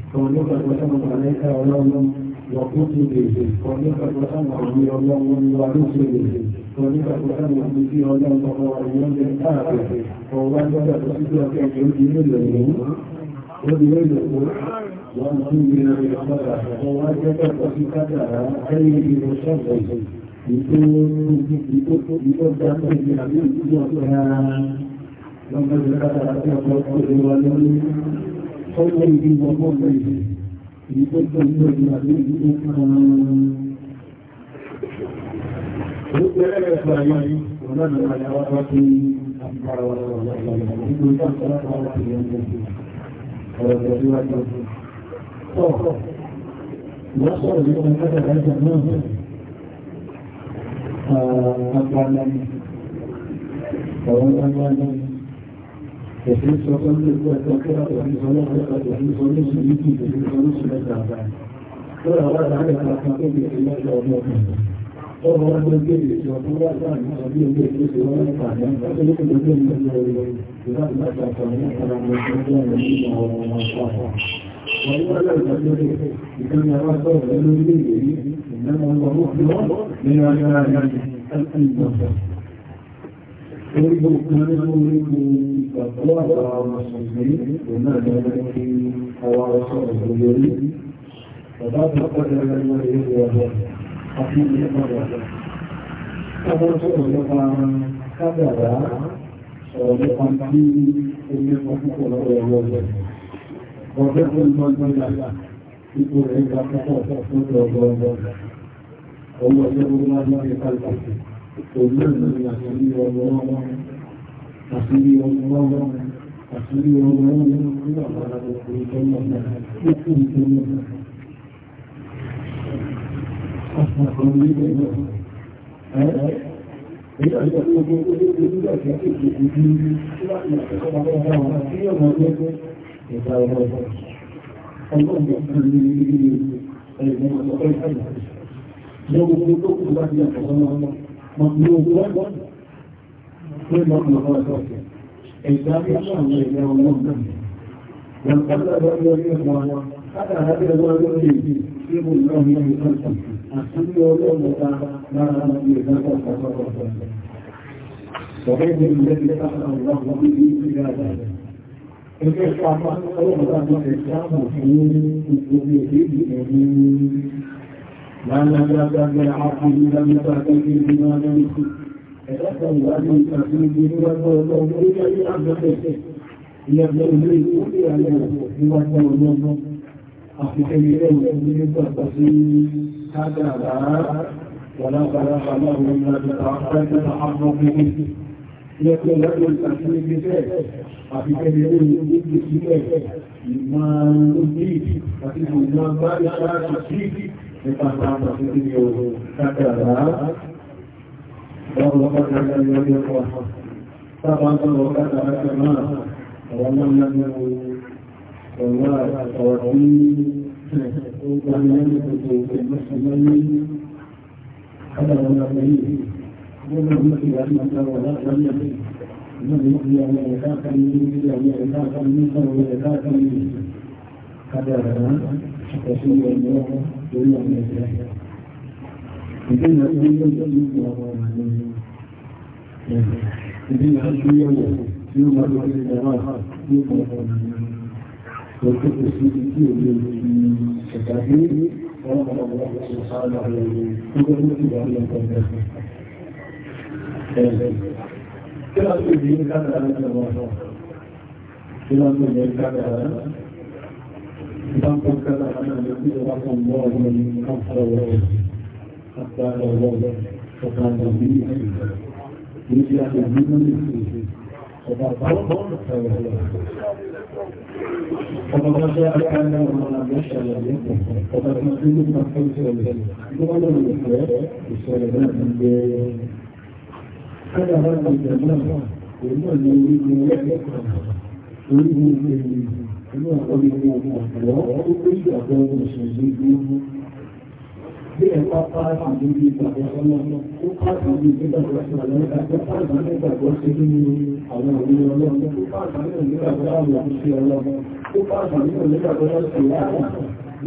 Speaker 1: kọ̀ọ̀lọ́pàá ìwọ̀sánà àlẹ́kà ọlọ́run wọ̀kún ti bèèrè kọ̀ọ̀lọ́pàá ìwọ̀sánà àmì ọlọ́run wà ló ṣe bèèrè kọ̀ọ̀lọ́pàá ìwọ̀sánà àmì sí ọlọ́run ọkọ̀ àríyàn jẹ́ káàkiri ọwọ́ agbádà tó sí ọkọ̀ ìjọ́jú nílò ìlú lórí lórí òkú wọ́n tún gbé lórí ọmọdà ọwọ́ agbádà tó sí kádàrá ẹ̀yìn ìlú sọ́ọ̀bọ̀ ìtò ìtò dákọ̀ ìgbé àbí ìtújọ́ ọ̀tọ̀ rárá lọ́mọdé kádàrá tí ọkọ̀ ọkọ̀ ìwà lórí ọ̀rọ̀ ìdí ìwọ̀n ọ̀rọ̀ ìdí èyí tó tó ní ọdún àti ìdí tó kàn án. Òun tẹ́lẹ̀ rẹ̀ fún àyà yìí, òun náà lọ́wọ́ àyà wá wá sí àpárá wa lọ́wọ́ lọ́wọ́ lọ́wọ́ lọ́wọ́ nígbà tó ń sọ láti wá sí ẹ̀yẹ́ ọ̀rọ̀ tẹ̀síwájú ọdún. Tọ́ ìyá sọ̀rọ̀ òfin sọ pé ní ìgbà tó kẹ́rà òfin sọ lọ́pàá òfin sọ lóṣù yìí òfin sọ lóṣù mẹ́ta lọ́rọ̀ wà láàrin àkàkọ́ tó bèèrè lọ́jọ́ ọmọ ọkùnrin ọmọ wọn ló gbé ìrètí ọdún wá láàrin sọ bí ojú ètò ìṣòro wọn nípa àjọ tó lókè lójú ìlú ìlú ìlú ìlú láti àtọ̀ ní ọ̀pọ̀lọpọ̀ ọmọ ọmọ ọmọ ọmọ ọmọ ọmọ ọmọ wọ́n ní wọ́n lọ́rọ̀ ìdájọ́ lé ìdáni àwọn sọ̀rọ̀ lórí ilé ìwé yìí ìdáni àwọn ọmọ ọmọ nínú ọjọ́ àjọ Gbogbo ọjọ́ àti ilé ọjọ́. Ọjọ́ sọ̀rọ̀ nípa kábàrá sọ̀rọ̀ nípa tí ilé ọkùnkùn lọ́wọ́ ẹ̀rọ ọjọ́. Bọ̀dé tó ń gbọ́n lọ́la, ipò rẹ̀ ìgbà púpọ̀ tó ń lọ́gbọ́n lọ́la. Ọwọ́ ọjọ́ gbogbo máa ń lọ́rẹ̀ kálífàtì òun ní àṣírí ọmọ ọmọ àṣírí ọmọ ọmọ àṣírí ọmọ ọmọ ní àwọn àgbègbè ìjọba ó kú ìjọba ọ̀pọ̀ orílẹ̀ náà ẹ́ Èyí àjọ́ ọmọ مطلوب في مطلوباته إذا كان يوم والقلب الذي يقرأ هذا هذا هو الذي يجيب الله من خلقه السنة واليوم تعالى ما رأى من ذلك وغير الذي أخرى الله به إلى ذلك الإسلام أولا الإسلام حين في الدنيا لا نجد بالعقل لم تأتي بما نمسك يتسوى من تأتيه وتوضع إلى أبقه يبدأ بالكل أنه يوضع أخي إليه بالتفصيل هكذا ولا خلاق له إلا بتعقد تحركه يكون له التأثير بذلك أخي كبيرين يجب بذلك ما نجيب فإنه ما بارك تشريكي nípa àwọn àfihàn yóò kákàrà lọ́wọ́ kọ́kàrà lórí ọkọ̀ sábà ń tọ́lọ kọ́kàrà kẹ́mà àwọn mọ́nà mẹ́wọ́ ọ̀rọ̀ àtọ̀rọ̀ ní ọgbà mẹ́rin gbogbo ìmọ̀sánmọ́lé kọ́kàrà lọ́wọ́ yìí gbogbo ìgbà tí wọ́n tọ́lọ láti lọ́wọ́ kádàrá àtẹ̀sí ẹ̀yọ́ ń lọ́jọ́ ní ìwà ọ̀rọ̀ ní ìdíyà ìdí ń pè ní ìbáǹkan kẹta àwọn ìlú ìjọba kan bọ́ ọ̀rọ̀ ní káfíńtà ọ̀rọ̀ àti àwọn ọ̀rọ̀ ọ̀gá ìgbàgbé ní ti àjọ nínú ìlú ọba àbáwọ̀ ọba bá jẹ́ akáyà ọmọ àgbẹ̀ṣẹ̀ àlàyé ọba tí wọ́n ti ní káfíńtà ọ̀rọ̀ ìgbọ́n lọ́rọ̀ ìfẹ́ ìṣẹ̀lẹ̀ náà ti gbé Káyà bá ti jẹ̀ náà, òun náà ni orí ni ẹgbẹ́ kan, orí ni ìgbẹ́ inú ọ̀pọ̀lọpọ̀ ní ọ̀pọ̀lọpọ̀ ó pé ìgbàgbọ́ ìṣẹ̀lẹ̀ ìgbóhùn bí ẹ bá bá àti ní ìgbàgbọ́ ọlọ́run ó pàtàkì ní ìgbàgbọ́ ìṣẹ̀lẹ̀ ìgbàgbọ́ pàtàkì ní ìgbàgbọ́ ṣe nínú àwọn òwe ọlọ́run ó pàtàkì ní ìgbàgbọ́ àwọn òṣìṣẹ́ ọlọ́run ó pàtàkì ní ìgbàgbọ́ ìṣẹ̀lẹ̀ àwọn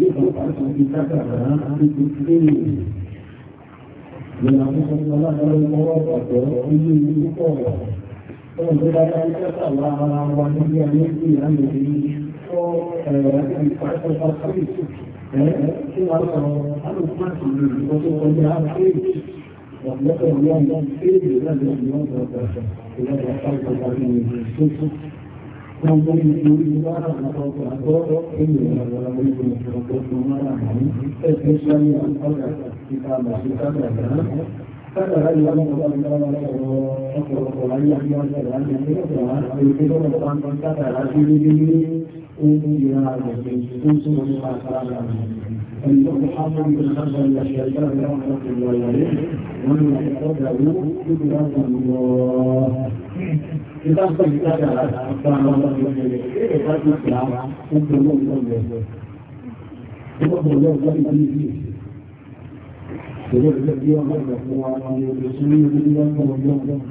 Speaker 1: yóò pàtàkì ní ìgbàgbọ́ Ìlànà ìṣẹ̀lẹ̀ aláàrẹ ọwọ́ ọ̀pọ̀ ilé ìlú pọ̀ wọ̀. Ó ń gbé dáadáa ní kẹta lára wa nílé ayé sí ìlànà ìlú. Kada hay una cosa que no me acuerdo, por ahí la vida se da, me acuerdo, pero yo quiero que lo van a إلى أنتم لما تعلمون أن محمد بن حسن الشيطان رحمة الله عليه ومن اعتقده قدرة الله إذا استجدت أحكام الله إذا تسمع أنت مؤمن وقد الله قلبي فيه فلذلك يوم الرحمن يرسلني إلى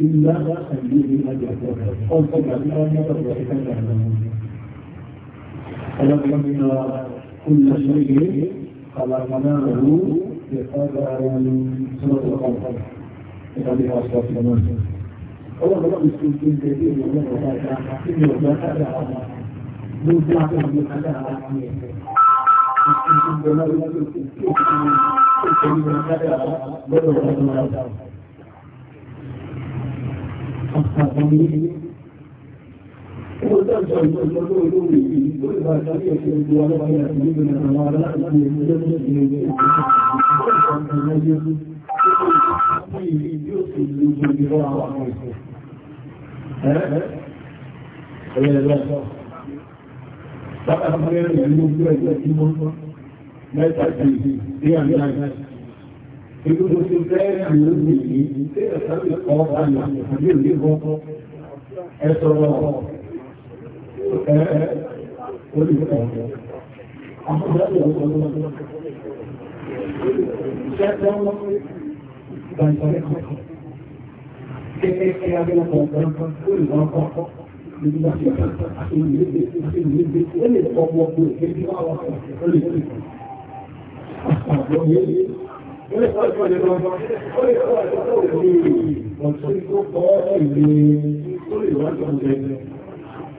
Speaker 1: إلا أن يجب أن يكون أو قد أن يكون خلقنا كل شيء خلقناه بقدر صدق القدر بقدر أصدق المنزل Ọlọ́run lọ́pọ̀ ìṣòro tó ń tẹ̀lé ìwọ̀n lọ́pọ̀ dáadáa tí mi ò gbọ́ sábà ọmọ. Ló ń gbá àwọn ọmọ sábà ọmọ mi ẹ̀fẹ́. Ìṣòro tó ń bọ̀ lọ́pọ̀ tó ń tẹ̀lé ìwọ̀n sábà lọ́dọ̀ ọmọ dáadáa. Ọ̀pọ̀ àwọn ọmọ mi Mẹ́ta ti ní àmì àìsàn. Ìgbogbo ti bẹ́ẹ̀ àmì òmìnirí, tí ẹ̀sán lè kọ́ ọ́ bá ní àmì òmìnirí ọkọ̀ ẹ̀sọ̀rọ̀ ọkọ̀. Ìjọba ìjọba ìjọba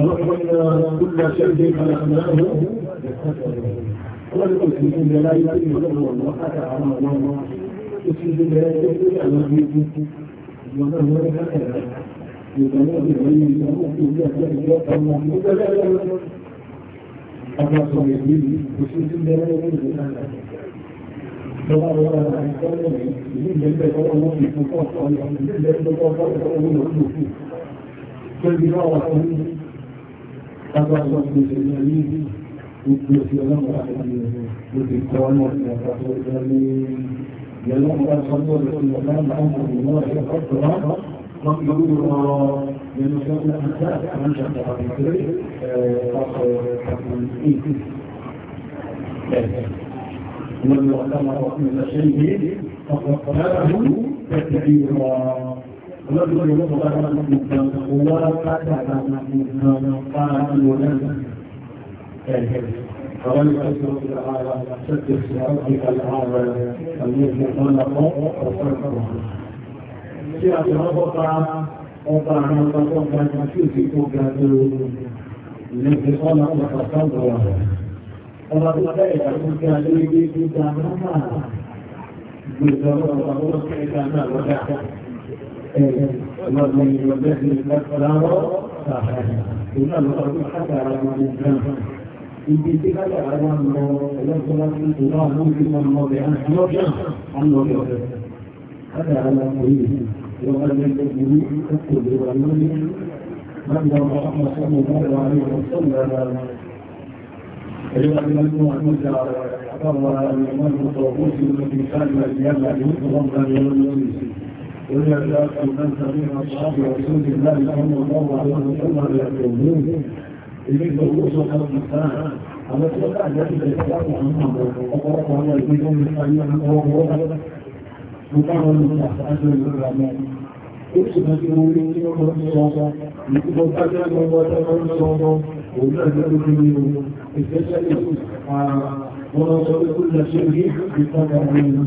Speaker 1: ونقلنا كل شيء خلقناه ولكم الحمد لا يمكن له الله على الله يسجد لا يمكن على غيره وهو هكذا يتنادى بين المؤمن يتنادى المحمود لا يمكن أما صليبي يسجد لا يمكن على فلا ولا أحسن من جلد الله في فقاصة من جلد الله فقاصة من جلد الله lágbàtí wọ́n ti ṣe ní orí gbogbo sí ọlọ́pàá àti gbogbo ìtọ́wọ́nà ìyàtọ̀ ìjọlé ìyàlọ́pàá sọ́jọ́ ìrọ̀lẹ́ ọ̀gá ìgbàmọ̀ ìrọ̀lẹ́ مطلوب من مسؤول الأنساء من شخص الكريم من يعتبر من شيء فقد قاله تكبيرا lọ́dún tó lọ́dún bá wọn ti gan owó látà bá wọn ti gan fára ní wọn náà ẹ̀ẹ́dẹ̀. فمن يسلك العالم سدس لربك العالم الذي خلق وصدق tí a ti rọ́pọ̀ pa ọba àwọn ọgbọ́n gbajúmọ̀ tí ó ti kó ga lóòrùn lẹ́gbẹ̀ẹ́ ọ̀nà ọ̀pọ̀ sọ́gbọ̀ wà rẹ̀. ọba tó bá ẹ̀dà tó kí a lórí gbé gbígbà náà gbèsè ومن يبدل لك فلا إلا الأرض حتى على الإنسان ìgbésílẹ̀ àwọn ọmọ ẹlẹ́gbọ́lá sí ìlú àwọn ọmọ ọmọ ọmọ ọmọ ọmọ ọmọ هذا على قريب وقد يجب أكد ونمي من لو رحمة صلى الله عليه وسلم أيها المجموعة المجعة أقرر أن يمر طوبوس الذي كان يجب أن يمر إلا جاءت من سبيل أصحاب رسول الله صلى الله عليه وسلم يقولون إليك الرسل المساء أما تقطع جديد الإسلام محمد وقرأت على البيضون من أيام وهو مقرر من أحد الرحمن أقسم بالمؤمنين والمصابة يكبر أجل وتمنصابة ومهدر جميل استسأل ونصر كل شيء بقدر منه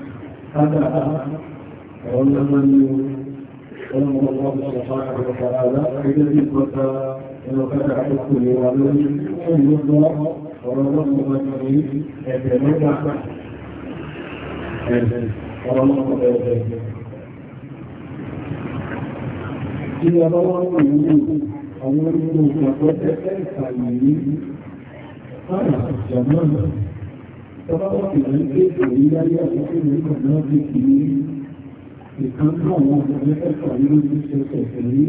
Speaker 1: هذا ومن ولم الله سبحانه وتعالى الذي قد فتح كل ولد يرضى ورضى المؤمنين يتمنى Ìjọba wọn wọ́n ní àwọn orílẹ̀-èdè ọ̀pọ̀ ẹgbẹ́ ìsàlẹ̀ yìí, ọ̀nà ìjọba náà. Tọ́lá wọ́n ti rí pé èyí láyé àkókò nígbà náà bí kì í ìkan náà wọn kò ní ẹ̀kọ́ nínú ti ṣe ṣẹ̀ṣẹ̀ ní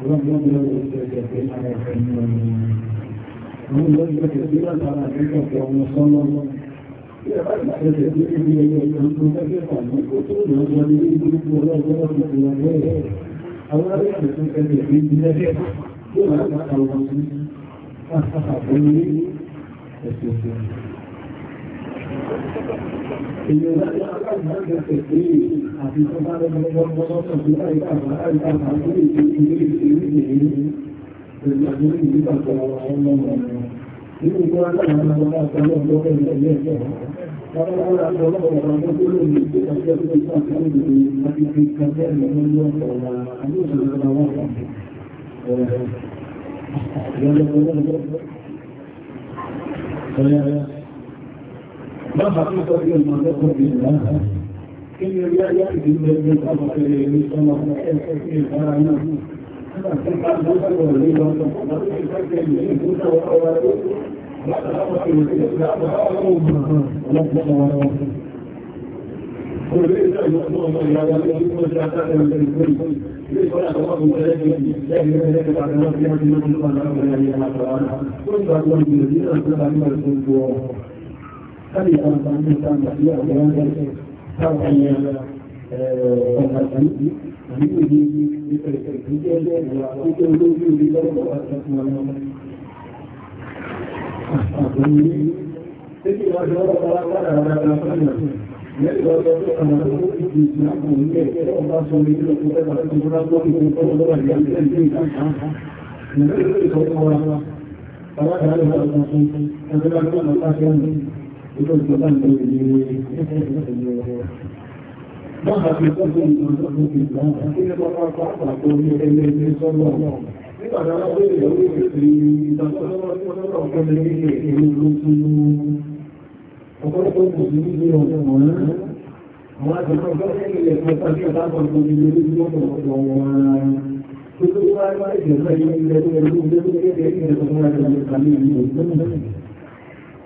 Speaker 1: ọlọ́gbọ́n bí wọ́n ṣe ṣẹ̀ṣẹ̀ ara ẹ̀fẹ́ ní ọmọ àwọn ìlọ́gbọ́n ṣe ṣe látara nígbà tó ọmọ sọ́lọ́ Ẹ̀ṣẹ̀ tí ó ní ẹyẹ ìkan tó fẹ́ fà ní kó tó lọ sọ ní gbogbo ọlọ́gbọ́n ti fi lọ bẹ́ẹ̀. Àwọn arábìnrin tó fẹ́ fẹ́ fi ní ẹgbẹ́ tó máa ń Yeah, yeah. ما حقيقة المنطقة بالله كل يأتي بالذي قام إليه صلى الله عليه وسلم Thank you kan yi amfani da masu a gaban ƙarfi ta hanyar kwanfarsanci a nufin yi da ƙarfi da ya yi da ƙarfi da ya yi da ƙarfi Thank you. Ọ̀pọ̀lọpọ̀ ìgbòmí ní ọjọ́ wọn, àwọn àjọ̀kọ̀ ọ̀pọ̀lọpọ̀ ilẹ̀ fún ọ̀pọ̀lọpọ̀ ìgbòmí ní ọjọ́ wọn. Tó tó wáyé wáyé ìjọba ilẹ̀ tó ẹ̀rọ ìgbòmí ní ọjọ́ wọn.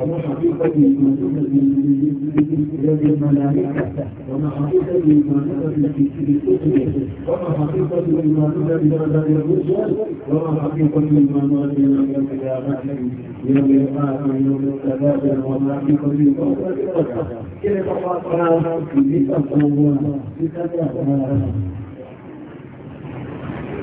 Speaker 1: ومحققة لدى الملائكة ومحققة لمنزلة في الكتب ومحققة لمنزلة لدى الرسل ومحققة لمنزلة يوم القيامة يوم القيامة يوم التبادل ومحققة لمنزلة كيف تقاطعها في الأسرة في الأسرة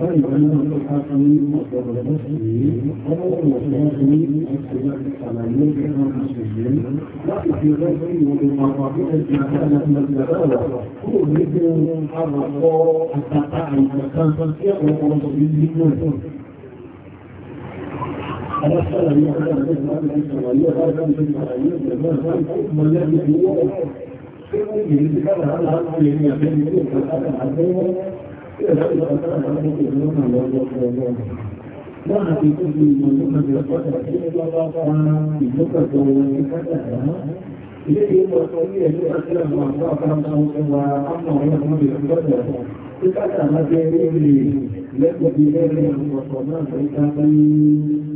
Speaker 1: فالعلماء الحاكمين والضربتين والضربتين السباق الحمامين كانوا مسلمين لكن في غيره وبالمقابل كانت مزدبالة هو مثل الرقاء التقاعد كان تنسيق ومصدين السلام عليكم Láàrin tó bí ìmọ̀ tó kàbí ọ̀pọ̀ta sí ẹgbẹ́ bá bá ìlúkàtọ̀ orin kátàrà náà, ilé ìwọ̀n tó ní ẹ̀lú àti àwọn àwọn àpárámọ́ ẹwà àmọ̀ ọ̀rọ̀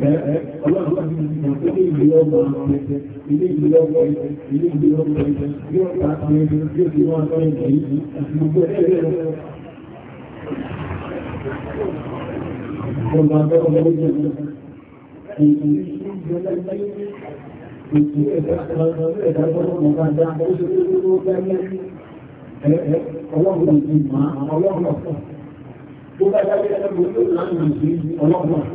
Speaker 1: Ọlọ́run ilé ó ti wọ́n tọ́ tó tó bẹ́ẹ̀ ọlọ́run ọ̀pọ̀.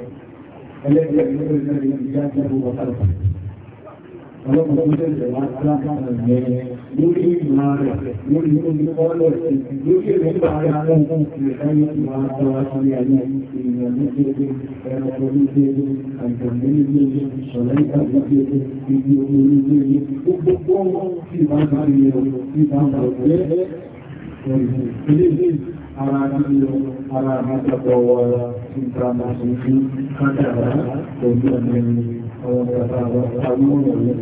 Speaker 1: الذي يبلغ الذي يمتازه وخلقه اللهم صل وسلم على يلهم ما يلهم بقول يلهم بعيانه في حياة ما تواصل عليه في مسجد رسوله أن تنزله صلاة مسجد في يومه وبقوم في بعض في بعض ara nílò ara àmọ́tàbọ̀ wọ́ra tí ta ma ṣe fi kátàrà pẹ̀lú ẹ̀mẹ́rin ọwọ́ tàbí àwọn ọ̀rẹ́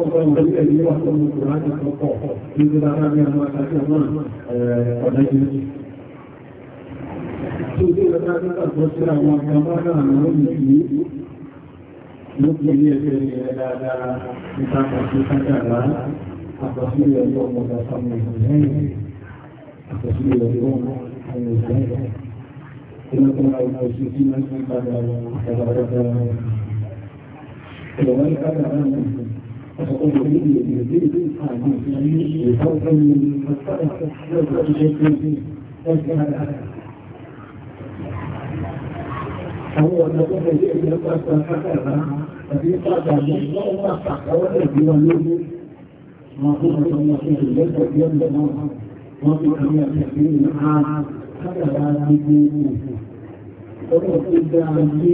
Speaker 1: Ọ̀pọ̀ ìgbẹ̀lẹ̀ yìí wà fún ọkùnrin láti kọ́kọ́ ní ti dára ní àwọn àtàkì ọmọ ọ̀dẹ́gbẹ̀. Tí ó tí ó lọ́ta ní àgbọ́ sí àwọn akẹ́mọ́ náà lọ́rùn yìí, ló kí ní ẹgbẹ̀ rẹ̀ dáadáa ìtàkà sí kátàrà àpàsílẹ̀ ọjọ́ وفي يوم أن يزداد إنكم على الموسيقين ومن كان آمن فقل به يزيد بفضل من مستقبل يزيد فيه لكن الآن هو الذي يجب أن يكون هكذا ففي قدر الله ما صح ولا يجب أن يجب ما هو من يجب أن يجب وتؤمن بتكبير العام حتى لا تكون Ọjọ́ tí ó dára ní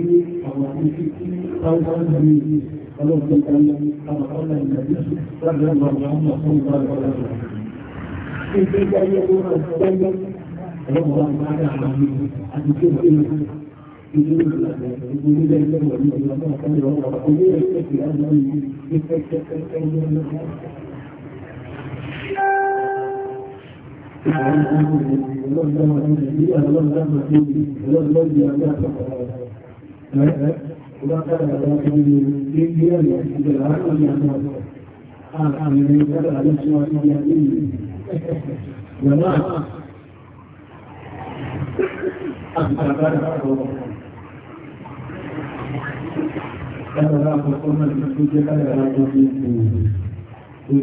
Speaker 1: àwọn ìfìkí ọjọ́ ìrìn ọlọ́pẹ́ ìtàlẹ̀ àwọn ọlọ́pẹ́ ìrìn lábẹ́ àwọn ọmọ fún ìgbàlẹ̀ ọlọ́pẹ́. Ìgbẹ́gbẹ́ ayẹ́gbẹ́ ọjọ́ ọlọ́pẹ́ àgbàdà àwọn àti tí ó fi ń ìdílé ìlànà ìdílé ìlànà ìlànà ìlànà ìlànà ìlànà ìlànà ìlànà ìlànà Ìjọba ìrìnàjò ní ìpínlẹ̀ ìjọba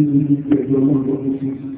Speaker 1: ìjọba ìjọba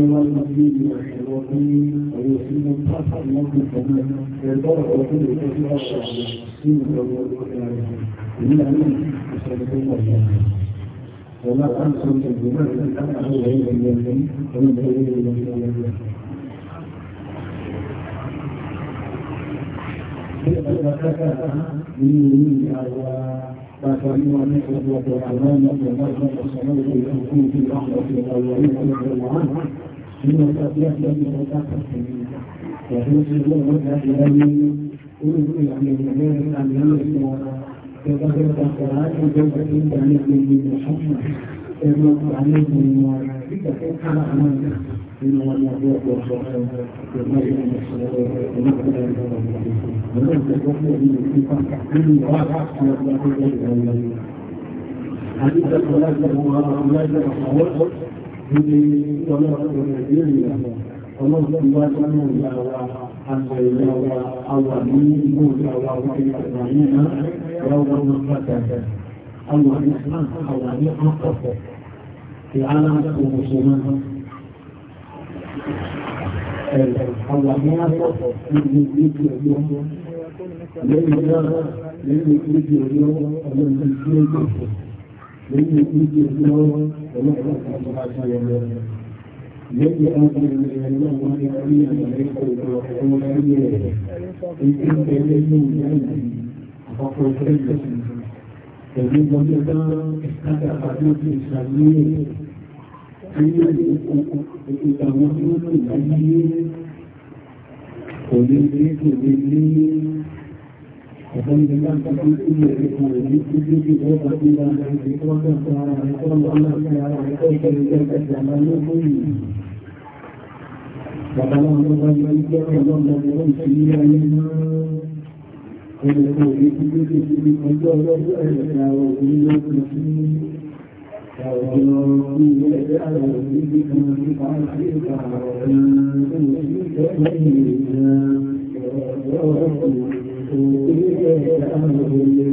Speaker 1: هو المسجد والحرابين ويسلم فقط لكم كمان البرع وكل كثير ولا أنصر الجمال الآن على غير اليمين ومن غير اليمين كيف تتكلم من يمين الله فكانوا من قوة الأمانة ومرضى الصلاة والحكم في رحمة الأولين والجمعان من الأبيات التي تتحقق وتوصل الوجه إليه قلوب يعني الناس أن يمسوا كذلك القرآن جوزة عن ابن محمد ẹ̀rọ àlejò wọn nígbà tó kára àwọn ẹ̀rọ nínú wọn ní ọjọ́ ọ̀pọ̀ ọ̀sọ̀ ẹ̀rọ ìrìnà ìṣẹ̀lẹ̀ ẹ̀rọ ìrìnà ìṣẹ̀lẹ̀ ẹ̀rọ ìṣẹ̀lẹ̀ nínú ìfipá nínú ìwà àti ọjọ́ àkókò ìrìnà ìrìnà حديث الثلاثة هو الله يرحمه من طلاق الرجال ومن الله من أن يرى أولين موسى وأولين إبراهيم يوم المفتح àwọn islam àwọn ní àkọ́kọ́ ti aláàkọ́ mùsùlùmí àwọn ní àkọ́kọ́ ní ìgbésí orí ọmọ lẹ́yìn náà lẹ́yìn ìgbésí orí ọmọ ọmọ ìgbésí orí ọmọ lẹ́yìn ìgbésí orí ọmọ ọmọ ìgbésí orí ọmọ يجب أن يكون عليا عليك ويقول عليا إن كنت لم يجعلني فقل كيف pẹ̀lú ọjọ́ tán ìkájà àjọ ti ìṣàlẹ̀ ilé ìgbàwọ́ tí ó lè láyé kò lè lé kò lè lé ọ̀pọ̀ ilẹ̀ láti tó ilẹ̀ ẹ̀kọ́ rẹ̀ ní ilé ìjọba tí ó bá ti rà ẹ̀kọ́ ara ẹ̀kọ́ lọ́nà sí ara ẹ̀kọ́ ìṣẹ̀lẹ̀ ẹ̀kọ́ ìṣẹ̀lẹ̀ Bàbá wọn lọ́wọ́ ní ọjọ́ ọlọ́mọ ọlọ́mọ ìṣẹ́lẹ̀ ayé náà Ìgbìmọ̀ ìgbìmọ̀ ìgbìmọ̀ ọjọ́ ẹ̀rẹ̀ àwọn òṣìṣẹ́ ti ṣí àwọn ọmọ ẹgbẹ́ àwọn òṣìṣẹ́ kan ní pàápàá ìpààrọ̀ ẹ̀rùn ìṣẹ́ lẹ́yìn ìrìnà ọ̀rọ̀ ọ̀rọ̀ òṣìṣẹ́ ẹ̀rẹ̀ àwọn òṣìṣẹ́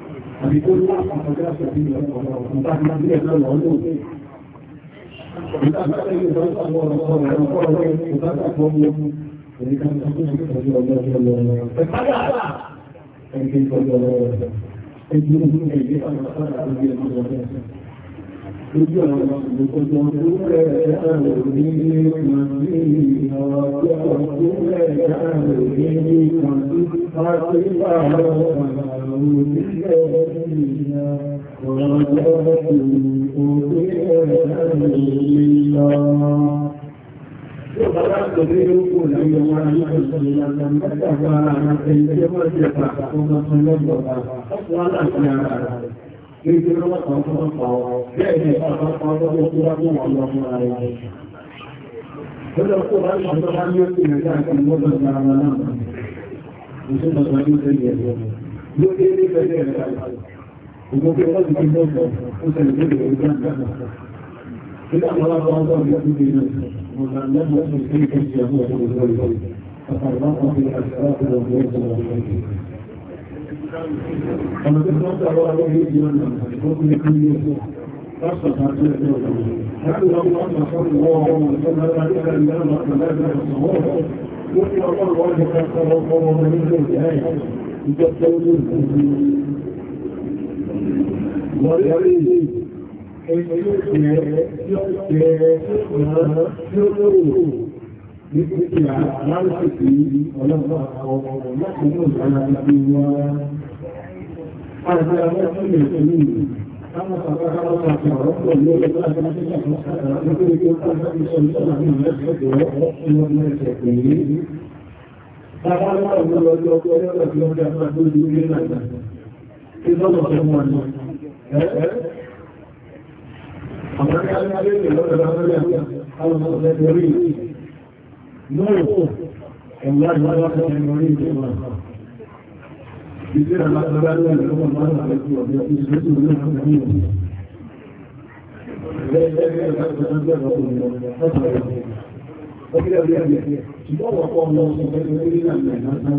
Speaker 1: àbí tó ní àpapọ̀gbẹ́sẹ̀ bí i ọ̀pọ̀lọpọ̀ nígbà tí ó lọ lọ́wọ́ Ìgbàgbà tí ó lọ sọ́wọ́ ọ̀rọ̀ ọ̀rọ̀ ọ̀rọ̀ ìgbàgbà tó mú ẹ̀ríkà tó kú sí ìtọ́jú ọjọ́ ọjọ́ ọjọ́ ẹ̀ríkà tó kú sí ìtọ́jú ọjọ́ ọjọ́ ẹ̀ríkà tó kú sí ìtọ́jú ọjọ́ ọjọ́ ẹ̀ríkà tó kú sí ìtọ́jú ọjọ́ ọjọ́ ẹ̀ríkà tó kú sí ìtọ́jú ọjọ́ ọjọ́ ẹ̀ríkà tó kú sí ìtọ́jú ọjọ́ ọjọ́ ẹ̀ríkà tó kú sí ìtọ́jú ọjọ́ ọjọ́ ẹ̀ríkà tó kú sí lójú àwọn olùkọ́jọ́ tó rẹ̀ ààrẹ ní ìwọ̀n sí ìrọ̀jọ́ tó rẹ̀ ààrẹ ní ìwọ̀n sí àtìwà àwọn òṣìṣẹ́ ìrìnà ọ̀rọ̀jọ́ òṣìṣẹ́ ààrẹ ìlọ. Tí ó bá láti rí òkú láyé wọn ní ìṣẹ̀lẹ̀ àtàmọ́ta wọn àti ìjẹ́mọ̀ ìjẹ̀pà tó mọ́ sí lọ́gbọ̀n Gbogbo ọmọ kan tó ń pa ọ̀rọ̀ bẹ́ẹ̀ ni ọ̀pọ̀lọpọ̀ ọdọ́gbọ́n tó wá fún ọmọ ọmọ ara rẹ̀. Lọ́dọ̀ kó bá ń ṣàtọ́ bá ní ó sì rẹ̀ láti mọ́tọ̀ ní ara náà. Ìṣẹ́jọba ló tẹ̀lé ẹ̀rọ. Ló dé ní pẹ̀lú ẹ̀rọ láti. Ìgbókè ọlọ́dún ti mọ́tọ̀ ó tẹ̀lé lórí ẹ̀rọ láti. Ilé àwọn ọlọ́dún ọjọ́ ìgbàlódé náà. Mo gbà lẹ́nu ẹ̀sìn sí ìgbésí àwọn ọ̀dọ́ ìgbàlódé. Àtàwọn ọmọ ìgbàlódé ọmọ tó tọ́ta lọ́wọ́ lórí ìdí ọ̀nà tó ní kí ní ọjọ́ lọ́sọ̀ tàbí ẹgbẹ́ ọ̀dọ́ láti lọ́wọ́ ọmọ sọ́rọ̀ wọ́n ọmọ sọ́rọ̀ láti ẹgbẹ́ ìlànà ọ̀dọ́ láti ọ̀sọ̀wọ́ lórí ọlọ́rọ̀ ọjọ́ kẹta ọkọ̀ ọmọ ní àwọn ọmọ ilẹ̀ ìlú ìlú, káwọn sàkọ́ káwọn sàkọ́ ọ̀rọ̀ pọ̀ ní ọjọ́ láti máa ṣe àkọsílẹ̀ nítorí pé ó kọ́ sí ìṣẹ́ ìṣẹ́ àmì ìrẹsẹ̀kẹ̀ ọ̀pọ̀ ọmọ ìrẹsẹ̀kẹ̀ yìí. Bàbá náà ló No, Allah yàrá ẹni orí ìjọba. Ìjọba alágbára ọjọ́ máa ń rẹ̀ tí ọ̀bí ọdún ìṣẹ́jú ọjọ́ ní ọjọ́. Lẹ́gbẹ̀ẹ́ ọjọ́ ọ̀pọ̀lọpọ̀ ọjọ́ ọ̀pọ̀lọpọ̀ ọjọ́ ọ̀pọ̀lọpọ̀ ṣùgbọ́n wọ́n kọ́ ọmọ ọmọ ẹgbẹ́ orí ìlànà ìlànà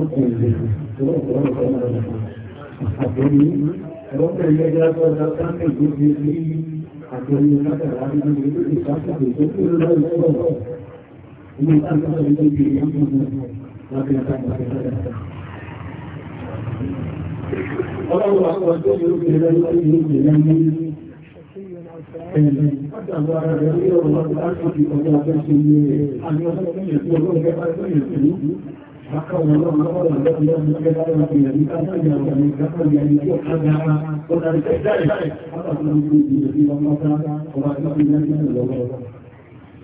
Speaker 1: ọ̀pọ̀ ìlẹ̀ tó wọ́n kọ́ ọmọ ọmọ àgbẹ̀rí ẹ̀rọ pẹ̀lú ẹgbẹ́ ọjọ́ sáńtẹ̀ ìgbésí àgbẹ̀rí látàrí ومن أكثر بقلبه يمنه لكن كان الله أكبر تؤمن بلا يؤمن بذنب Thank you.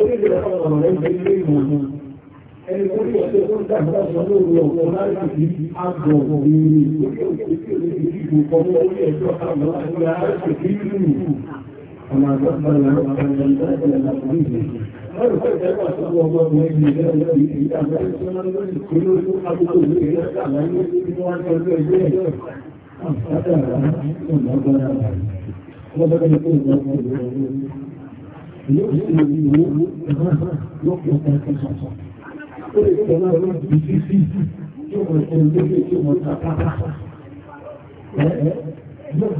Speaker 1: orílẹ̀ ọ̀rọ̀ rẹ̀ gbẹ̀gbẹ̀ ìwọ̀n ẹni orí ọ̀tẹ́ tó ń dàgbà sọ́lọ́ ọ̀rọ̀ láti fi àgbọ̀ òwúrí orí òkè tí ó lè fi ìgbòkọ̀ mọ́ orí ẹ̀jọ́ àgbà àti àárẹ̀ sí ìlú ọ̀nà àgbàgbà lọ́wọ́ àwọn ẹ̀jọ́ ìdájọ́ ìlú Wọ́n bẹ̀rẹ̀ fún ìgbàgbọ́ ìgbàgbọ́. Lọ́pọ̀ orí orí ẹgbẹ́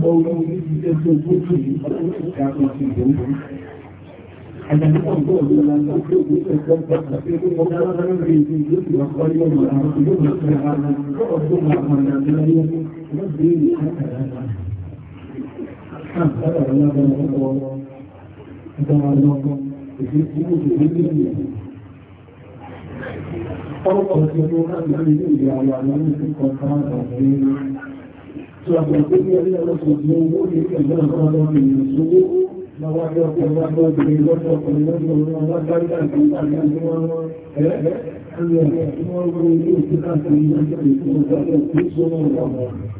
Speaker 1: ojú ìgbàlẹ́ ìgbàlẹ́ ìgbàlẹ́ Thank you. Ọlọ́pọ̀ ti mú láti rí ìrìn àwọn àwọn ìsìnkọ̀ kan àti tí a bọ̀ pé ní ẹ̀rí ọlọ́pọ̀ tí ó wó ní ẹgbẹ́ ọ̀kan lọ́pìn ìṣòwò lọ́wọ́dé ọkọ̀ lọ́pọ̀ obìnrin lọ́pọ̀ ọkùnrin lọ́pọ̀ ọ̀rọ̀ alágbáríkà àti ìgbàlẹ́ àti wọ́n rán ẹ̀ẹ́ ẹ̀ẹ́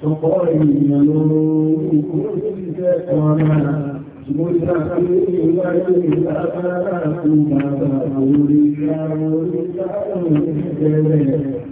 Speaker 1: Sọ̀pọ̀ ènìyàn ló kúrò sí ìfẹ́ ọ̀rọ̀ náà, ṣùgbọ́n ìdájú ìwáyé ìlàára àti ìgbàgbà àwọn orí ìlàára orí ìlàára ìfẹ́ rẹ̀.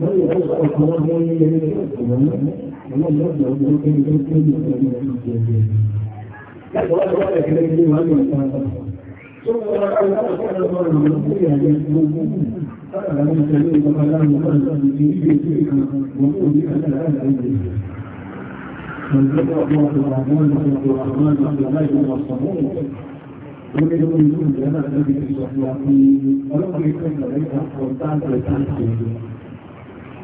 Speaker 1: Thank you. Volevo ridurre la vita di sua figlia, ma non mi ricordo che era importante e tanto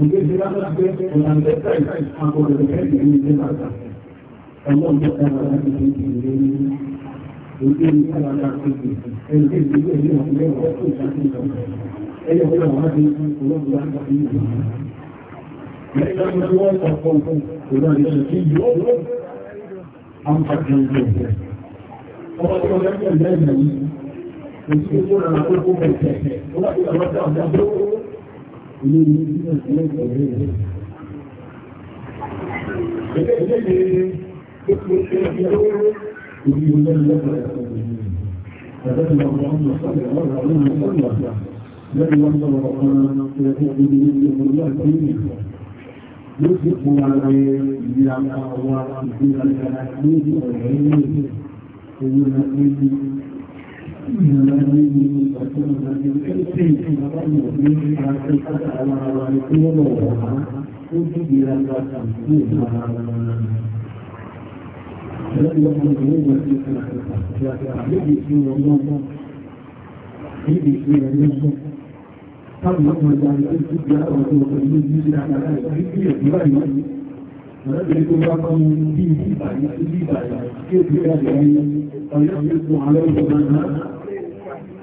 Speaker 1: Ọmọ tí wọ́n lẹ́gbẹ̀ẹ́ lẹ́gbẹ̀ẹ́ yìí, kò sí ojú ọ̀nà àkókò mẹ́tẹ̀ẹ̀, ó wà ní ọ̀rọ̀ tí ọ̀dá tó فذكر اللهم صل الله عليه وسلم الذي انزل القران فيكون به من الله كريم يصدق عليه بان الله في الكلام والعلم وينقيه Ọ̀rẹ́bìnrin tó bá kọ́ mú bí ìbàyí sí bí ìbàyí kí ó fi jáde ayé, ọ̀yọ́ fi fún alẹ́ ìjọba náà.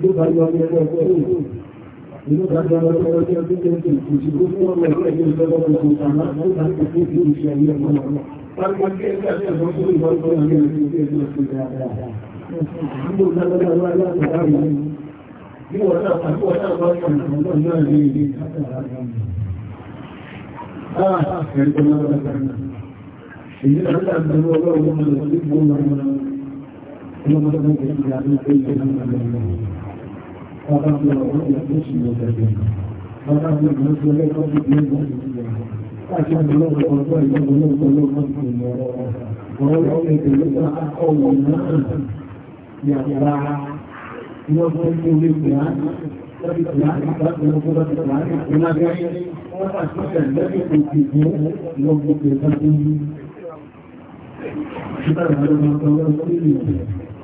Speaker 1: Ìjọba ìjọba ìjọba ìjọba Bàbá mi ọ̀rọ̀ ọ̀rọ̀ ìyàtọ̀ sí ìlọ́gbẹ̀ẹ́. Bàbá mi ọ̀rọ̀ ọ̀rọ̀ ìyàtọ̀ sí ìlọ́gbẹ̀ẹ́. Àti ọ̀rọ̀ ọ̀rọ̀ ọ̀rọ̀ ìyàtọ̀ sí ìlọ́gbẹ̀ẹ́. Ọ̀rọ̀ ọ̀rọ̀ ìyàtọ̀ sí ìlọ́gbẹ̀ẹ́. Ìgbàlódé ọ̀rọ̀ ọ̀rọ̀ ìyàtọ̀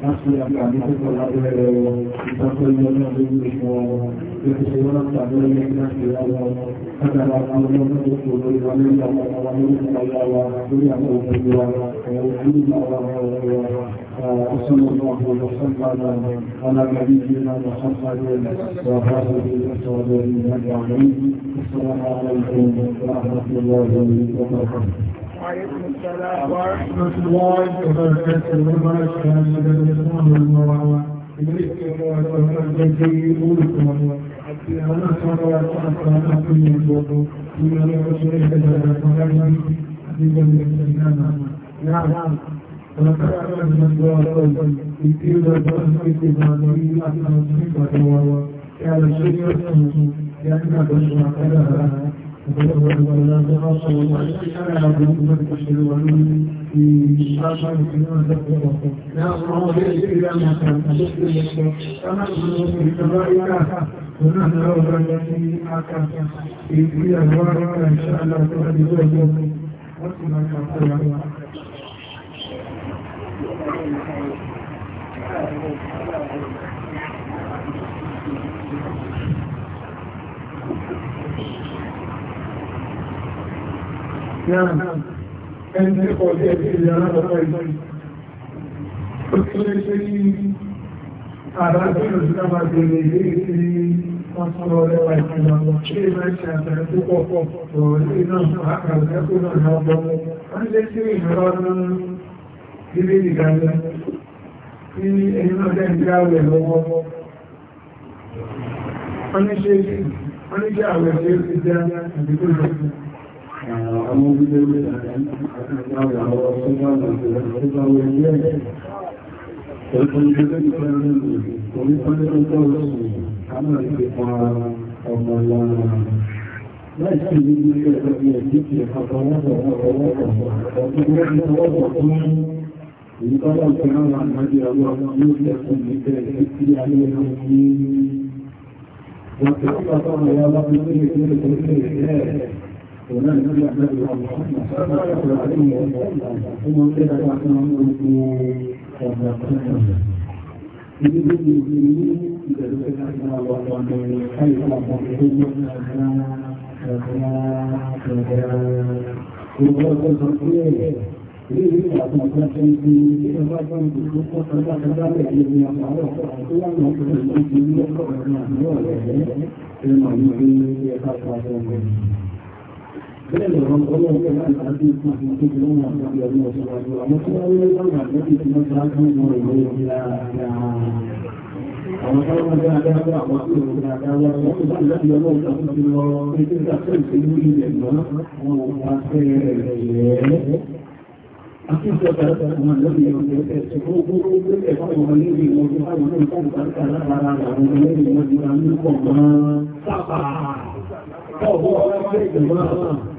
Speaker 1: وصلى الله وسلم على نبينا محمد وآله وصحبه أجمعين السلام عليكم ورحمة الله وبركاته وعليكم السلام ورحمة الله وبركاته نعم ولقد أعلم من دعا الله إذ قيل لهم ونحن أولا الذي آتى في أدوارك إن شاء الله تؤدي ذلك وكما كان Thank you. ìsìláàmù ẹni tí kọ̀ sí ẹ̀sì ìyára lọ́pọ̀ ìsìn ó tí lè ṣe ní àdájọ́ ìrọ̀síláàmù àgbèrè ilé ìsìn wọ́n sọ́rọ̀ lẹ́wà ìpínlẹ̀ ṣe ìmọ̀ ìṣẹ́ àtàrí púpọ̀ pọ̀ pọ̀ lórí náà àkàrẹ̀ ẹ̀kọ́ náà Láìsí ìlú ilé ẹ̀kọ́ bí ẹ̀dí kí ẹ̀kọ́ ọlọ́pọ̀ ọlọ́pọ̀ ọdún mẹ́rin ọlọ́pọ̀ tó ń ìrítọ́lọ̀ ìpínlẹ̀ àwọn àmàdí àwọn ọmọ yóò fẹ́ fún ìgbẹ̀rẹ̀ sí ayé ẹ̀rọ ní wọ́n tẹ́lọ́pọ̀ àwọn ọlọ́pọ̀ ولا نبي أحمد محمد صلى الله عليه وسلم ومن كان يعلم أنه Thank you. Àwọn ọmọ ọmọdé adájọ́ àwọn akúrò ní adájọ́ wọn tó bá láti ọlọ́run tó kú sí lọ ní tí ó dàpẹ́ ìṣẹ́lú ilẹ̀ ìgbọ́nà wọn ò wá fẹ́ rẹ̀. Akíṣẹ́ ọ̀pẹ́ ọ̀pẹ́ ọmọ lọ́bí ọ̀pẹ́ ọ̀pẹ́ ṣẹ̀kọ́ ogúrú pé ẹ̀kọ́ ọmọ ní ìlú ọdún àwọn ọmọ ìpàdé pàdé pàdé lára àwọn ọmọ ilé ìwọ̀n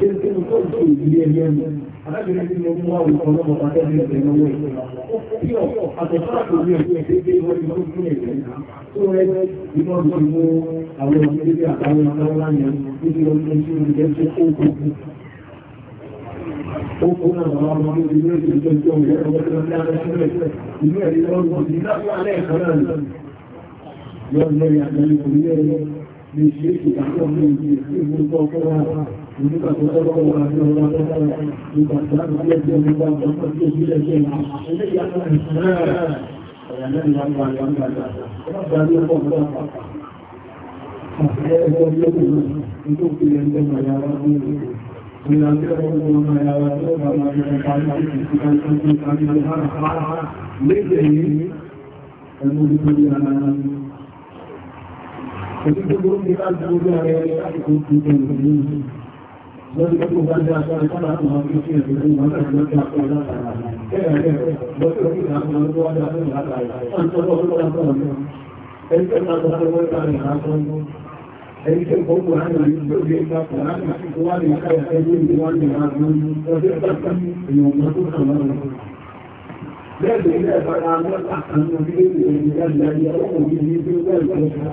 Speaker 1: kéńkéńkéń tó ṣe ìdílé ẹgbẹ́ mi alábìrin tí mo mú àwọn ọlọ́mọ pàtẹ́ ní ẹgbẹ́ náà wọ́n ìpínlẹ̀ àtọ̀sára kò ní ẹgbẹ́ ẹgbẹ́ ìwọ́n ìwọ́n fún ẹgbẹ́ tó rẹ iná tó mú àwọn ìdílé àtàwọn ìtàn láyẹn níbi ọdún tí ó jẹ́ tó kó kókó ó kó náà wà wọn ní ilé ìjọ ìjọ ìjọ nígbà tó tọ́gbọ́n wọn àti ọmọ tọ́gbọ́n nígbà tó láti ẹgbẹ́ nígbà tó tọ́gbọ́n tó bí ẹgbẹ́ ilé ìyàtọ̀ ìṣẹ́lẹ̀ ọ̀yà lẹ́nu lágbà lágbà lágbà lágbà ní ọkọ̀ ọ̀gbọ́n pàpà àti ẹgbẹ́ ọjọ́ ìlú tó fi ẹgbẹ́ mọ̀yà wá ní ìlú Ìlànà ọgbọ̀n ọmọ ìyàwó tó bá máa bẹ̀rẹ̀ parí àti ìsìnká ìsìnká ìsìnká ìsìnká ìsìnká léde yìí ẹnu ìgbòdì ara ní. Òtítọ́ gbogbo ní láti gbogbo ara ẹni láti kó ti jẹ́ ìgbòdì yìí. Ẹni tí ó gbogbo àwọn ìlú lórí ẹgbà pàdánù àti ìwádìí àkáyà ẹgbẹ́ ìwádìí àwọn ọdún ọdún ìwọ̀n tó kàn lọ́rọ̀. Lẹ́gbẹ̀ẹ́ ilẹ̀ ẹ̀bára àwọn àkànnà orílẹ̀-èdè ìrìnlẹ̀ ìyàwó òun ní ilé ẹgbẹ́ ìjọba.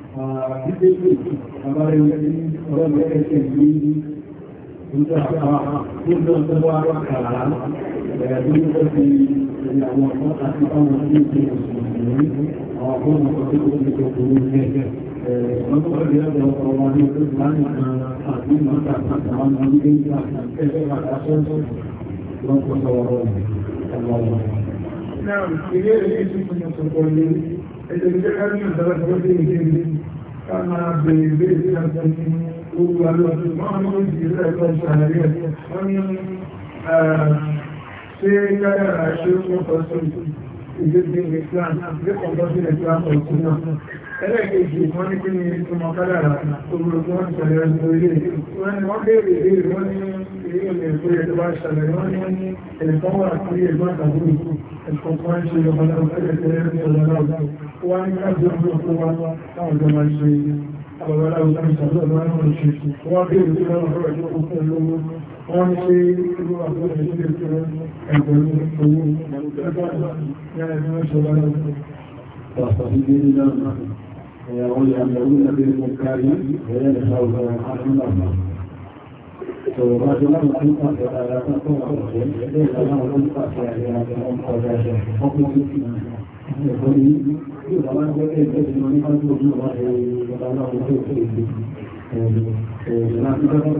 Speaker 1: Now, the area is in the ẹgbẹ́ kárí ìjọba tó dé ìdí ìdí ká máa bèèrè bèèrè sí àjọ ní gbogbo alọ́dún wọ́n mú ìdílé ẹ̀kọ́ ìṣàlàyé ẹ̀ wọ́n ní ṣé káyàrá ṣe fún ọ̀sán ìgbésí ìgbésí àná lẹ́kọ̀ọ́ ẹlẹ́ẹ̀kejì wọ́n ní kí ni ìtumọ̀ kádàrà tó gbogbo wọ́n ṣẹlẹ̀ orílẹ̀ wọ́n ni wọ́n béèrè béèrè wọ́n ní èyí ò lè pé ẹ̀tọ́ bá ṣẹlẹ̀ wọ́n ní wọ́n ní ẹ̀lẹ́kan wà sí ẹ̀gbọ́n àtàbúrò ẹ̀kọ́ kan ṣe ọ̀pọ̀lọpọ̀ ẹ̀kọ́ tẹ́lẹ̀ ní ọ̀lọ́lá wọ́n ní láti ọjọ́ tó wá láwọn ọjọ́ máa ṣe ọ̀lọ́lá ọjọ́ ìṣàlọ́ ọ̀lọ́lá ọ̀ṣẹ̀ wọ́n béèrè tí wọ́n rọ̀ ẹ̀jọ́ òkú ويأمرون بالمنكر وينهون عن المنكر وبعد ما نقول فلا تقول ليس لهم تقوى لهم قولا حكم يقول يقول يقول يقول يقول يقول يقول يقول يقول Ìjọba ẹgbẹ́ ìjọba aláwọ̀ ìjọba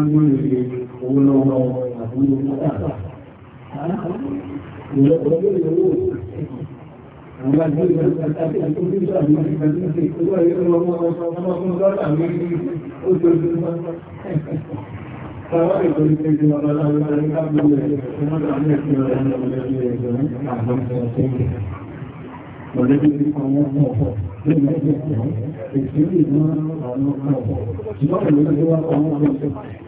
Speaker 1: ń gbé ìrìn òun lọ́wọ́ Ọ̀lẹ́gbẹ̀ẹ́ ìfẹ́ ọmọ ọmọ ọ̀pọ̀ lẹ́gbẹ̀ẹ́ ìfẹ́ ìfẹ́ ìfẹ́ ìfẹ́ ìfẹ́ ìfẹ́ ìfẹ́ ìfẹ́ ìfẹ́ ìfẹ́ ìfẹ́ ìfẹ́ ìfẹ́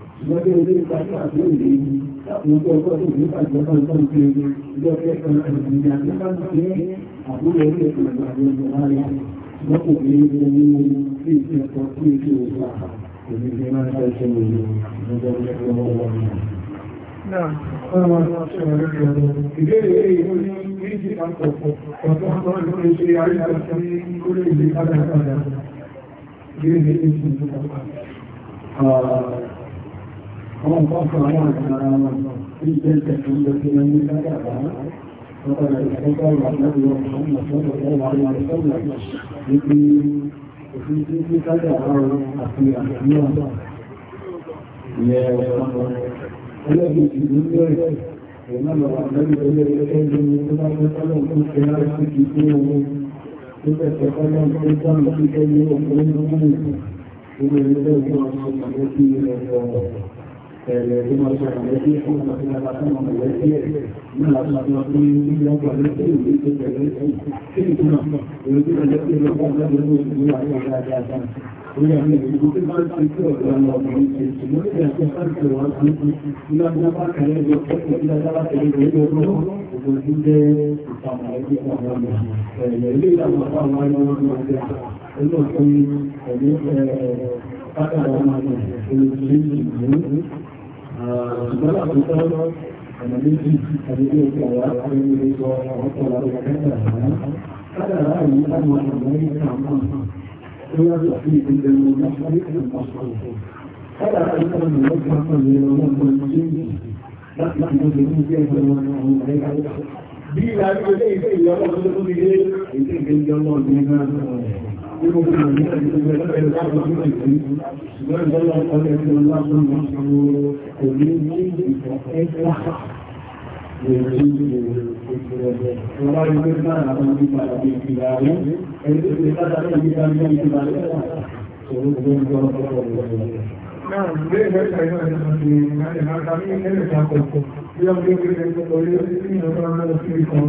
Speaker 1: ìgbẹ́gbẹ́ ilé ìpàdé àti ìlú àwọn ọjọ́ ọjọ́ tó ní ìpàdé ọjọ́ ọjọ́ ìpè ìjọ pé ẹ̀kan ìrìnà nípa ní àbúrò orí ẹ̀kan ìgbàgbé ọjọ́ láyá lọ́pọ̀ pé ó ní sí ìpín ẹ̀kọ́ sí ètò òṣà èmi fi máa ń fẹ́ ṣe mi lọ́jọ́ ọjọ́ ọjọ́ Ìbéèrè èyí ó ní méjì kan kọ̀ọ̀kọ̀, ọ̀tọ́ ọ̀tọ́ àwọn nǹkan fún àwọn àgbàrá wọn bí jẹ́ ìtẹ̀kùn ló fi ní lima sudah lagi, pun masih dapat mengalami melakukan sesuatu yang baru itu itu dari ini itu itu ada di dalam dalam itu ada ada ada Kemudian itu kan itu dalam dalam itu yang kita keluar itu dalam dapat kali itu kita dapat kali itu itu juga sama lagi sama lagi. Jadi dalam dalam itu ada itu kátàrà máa ń pẹ̀lú méjì ìlú ṣùgbọ́n tó yàtọ̀ sí ìpínlẹ̀ ìlú náà ní ní ọ̀pọ̀ méjì Náà, ilé ìgbẹ́ta ìwọ̀n ìrìnàjò ìrìnàjò ìrìnàjò ìrìnàjò yóò bí kí lè tó torí ó sì ní ọjọ́ náà sí ìkan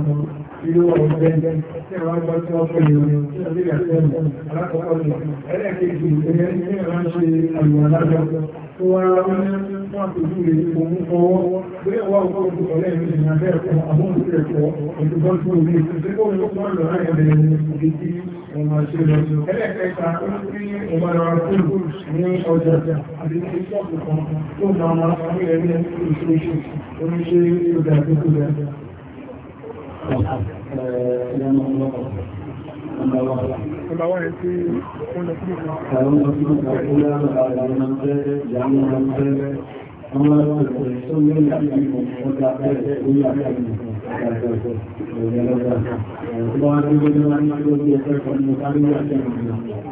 Speaker 1: irú ọ̀gbẹ́ tí àwọn ọgbọ́n tí wọ́n pẹ̀lú orí àtẹ́lẹ̀ alákọ̀ọ́kọ́ rẹ̀ ẹlẹ́kẹ̀ẹ́jì ìpínlẹ̀ ní ìránṣẹ́ àyùwà lájọ́ tó wá ní wọ́n tó jú lè fòmú fọwọ́ bí ẹwà òkúrò ọ̀lẹ́ ìrìn àbẹ́ ẹ̀kọ́ àbúrò sí ẹ̀kọ́ òtùgbọ́n tó rí ìmọ̀ ìṣẹ̀lẹ̀ ẹlẹ́kẹta ìmọ̀lọ̀ ọ̀pọ̀lọpọ̀ ní ọjọ́ àti ní ìṣọ́pù kan tó bá ọmọ orí ẹ̀rí ìṣẹ́ṣẹ́ oníṣẹ́ ìrọ̀dà tó kú rẹ̀. Ọ̀pọ̀lọpọ̀ àwọn ọ̀pọ̀ tó ní ìyàfihàn ọjà bẹ́ẹ̀ orí àfihàn ìgbàgbọ́ ìrìnlọ́gbà. Wọ́n á dúró ní wọ́n ní ọjọ́ bí ẹgbẹ́ kan ní ọjọ́ bí ẹgbẹ́ kan ní ọjọ́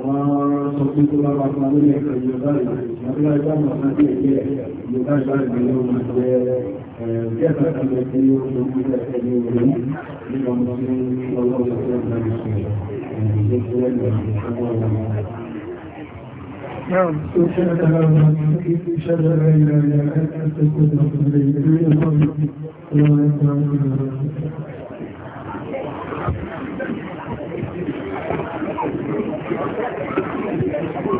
Speaker 1: àwọn sọ pé tó bá bàbá lórí ẹ̀kọ́ ìjọba ìjọba ìgbàmọ̀ láti ẹgbẹ́ ìjọba ìgbàmọ̀ ní ọmọ ìgbẹ́ bí ẹ̀kọ́ ìgbàmọ̀ tí ó ń lókú ẹ̀kọ́ ní orí nígbà mọ́ sí ọlọ́run tó ń bá نعم وشهد على شهد لا اله الا انت استغفرك واتوب اليك اللهم صل على محمد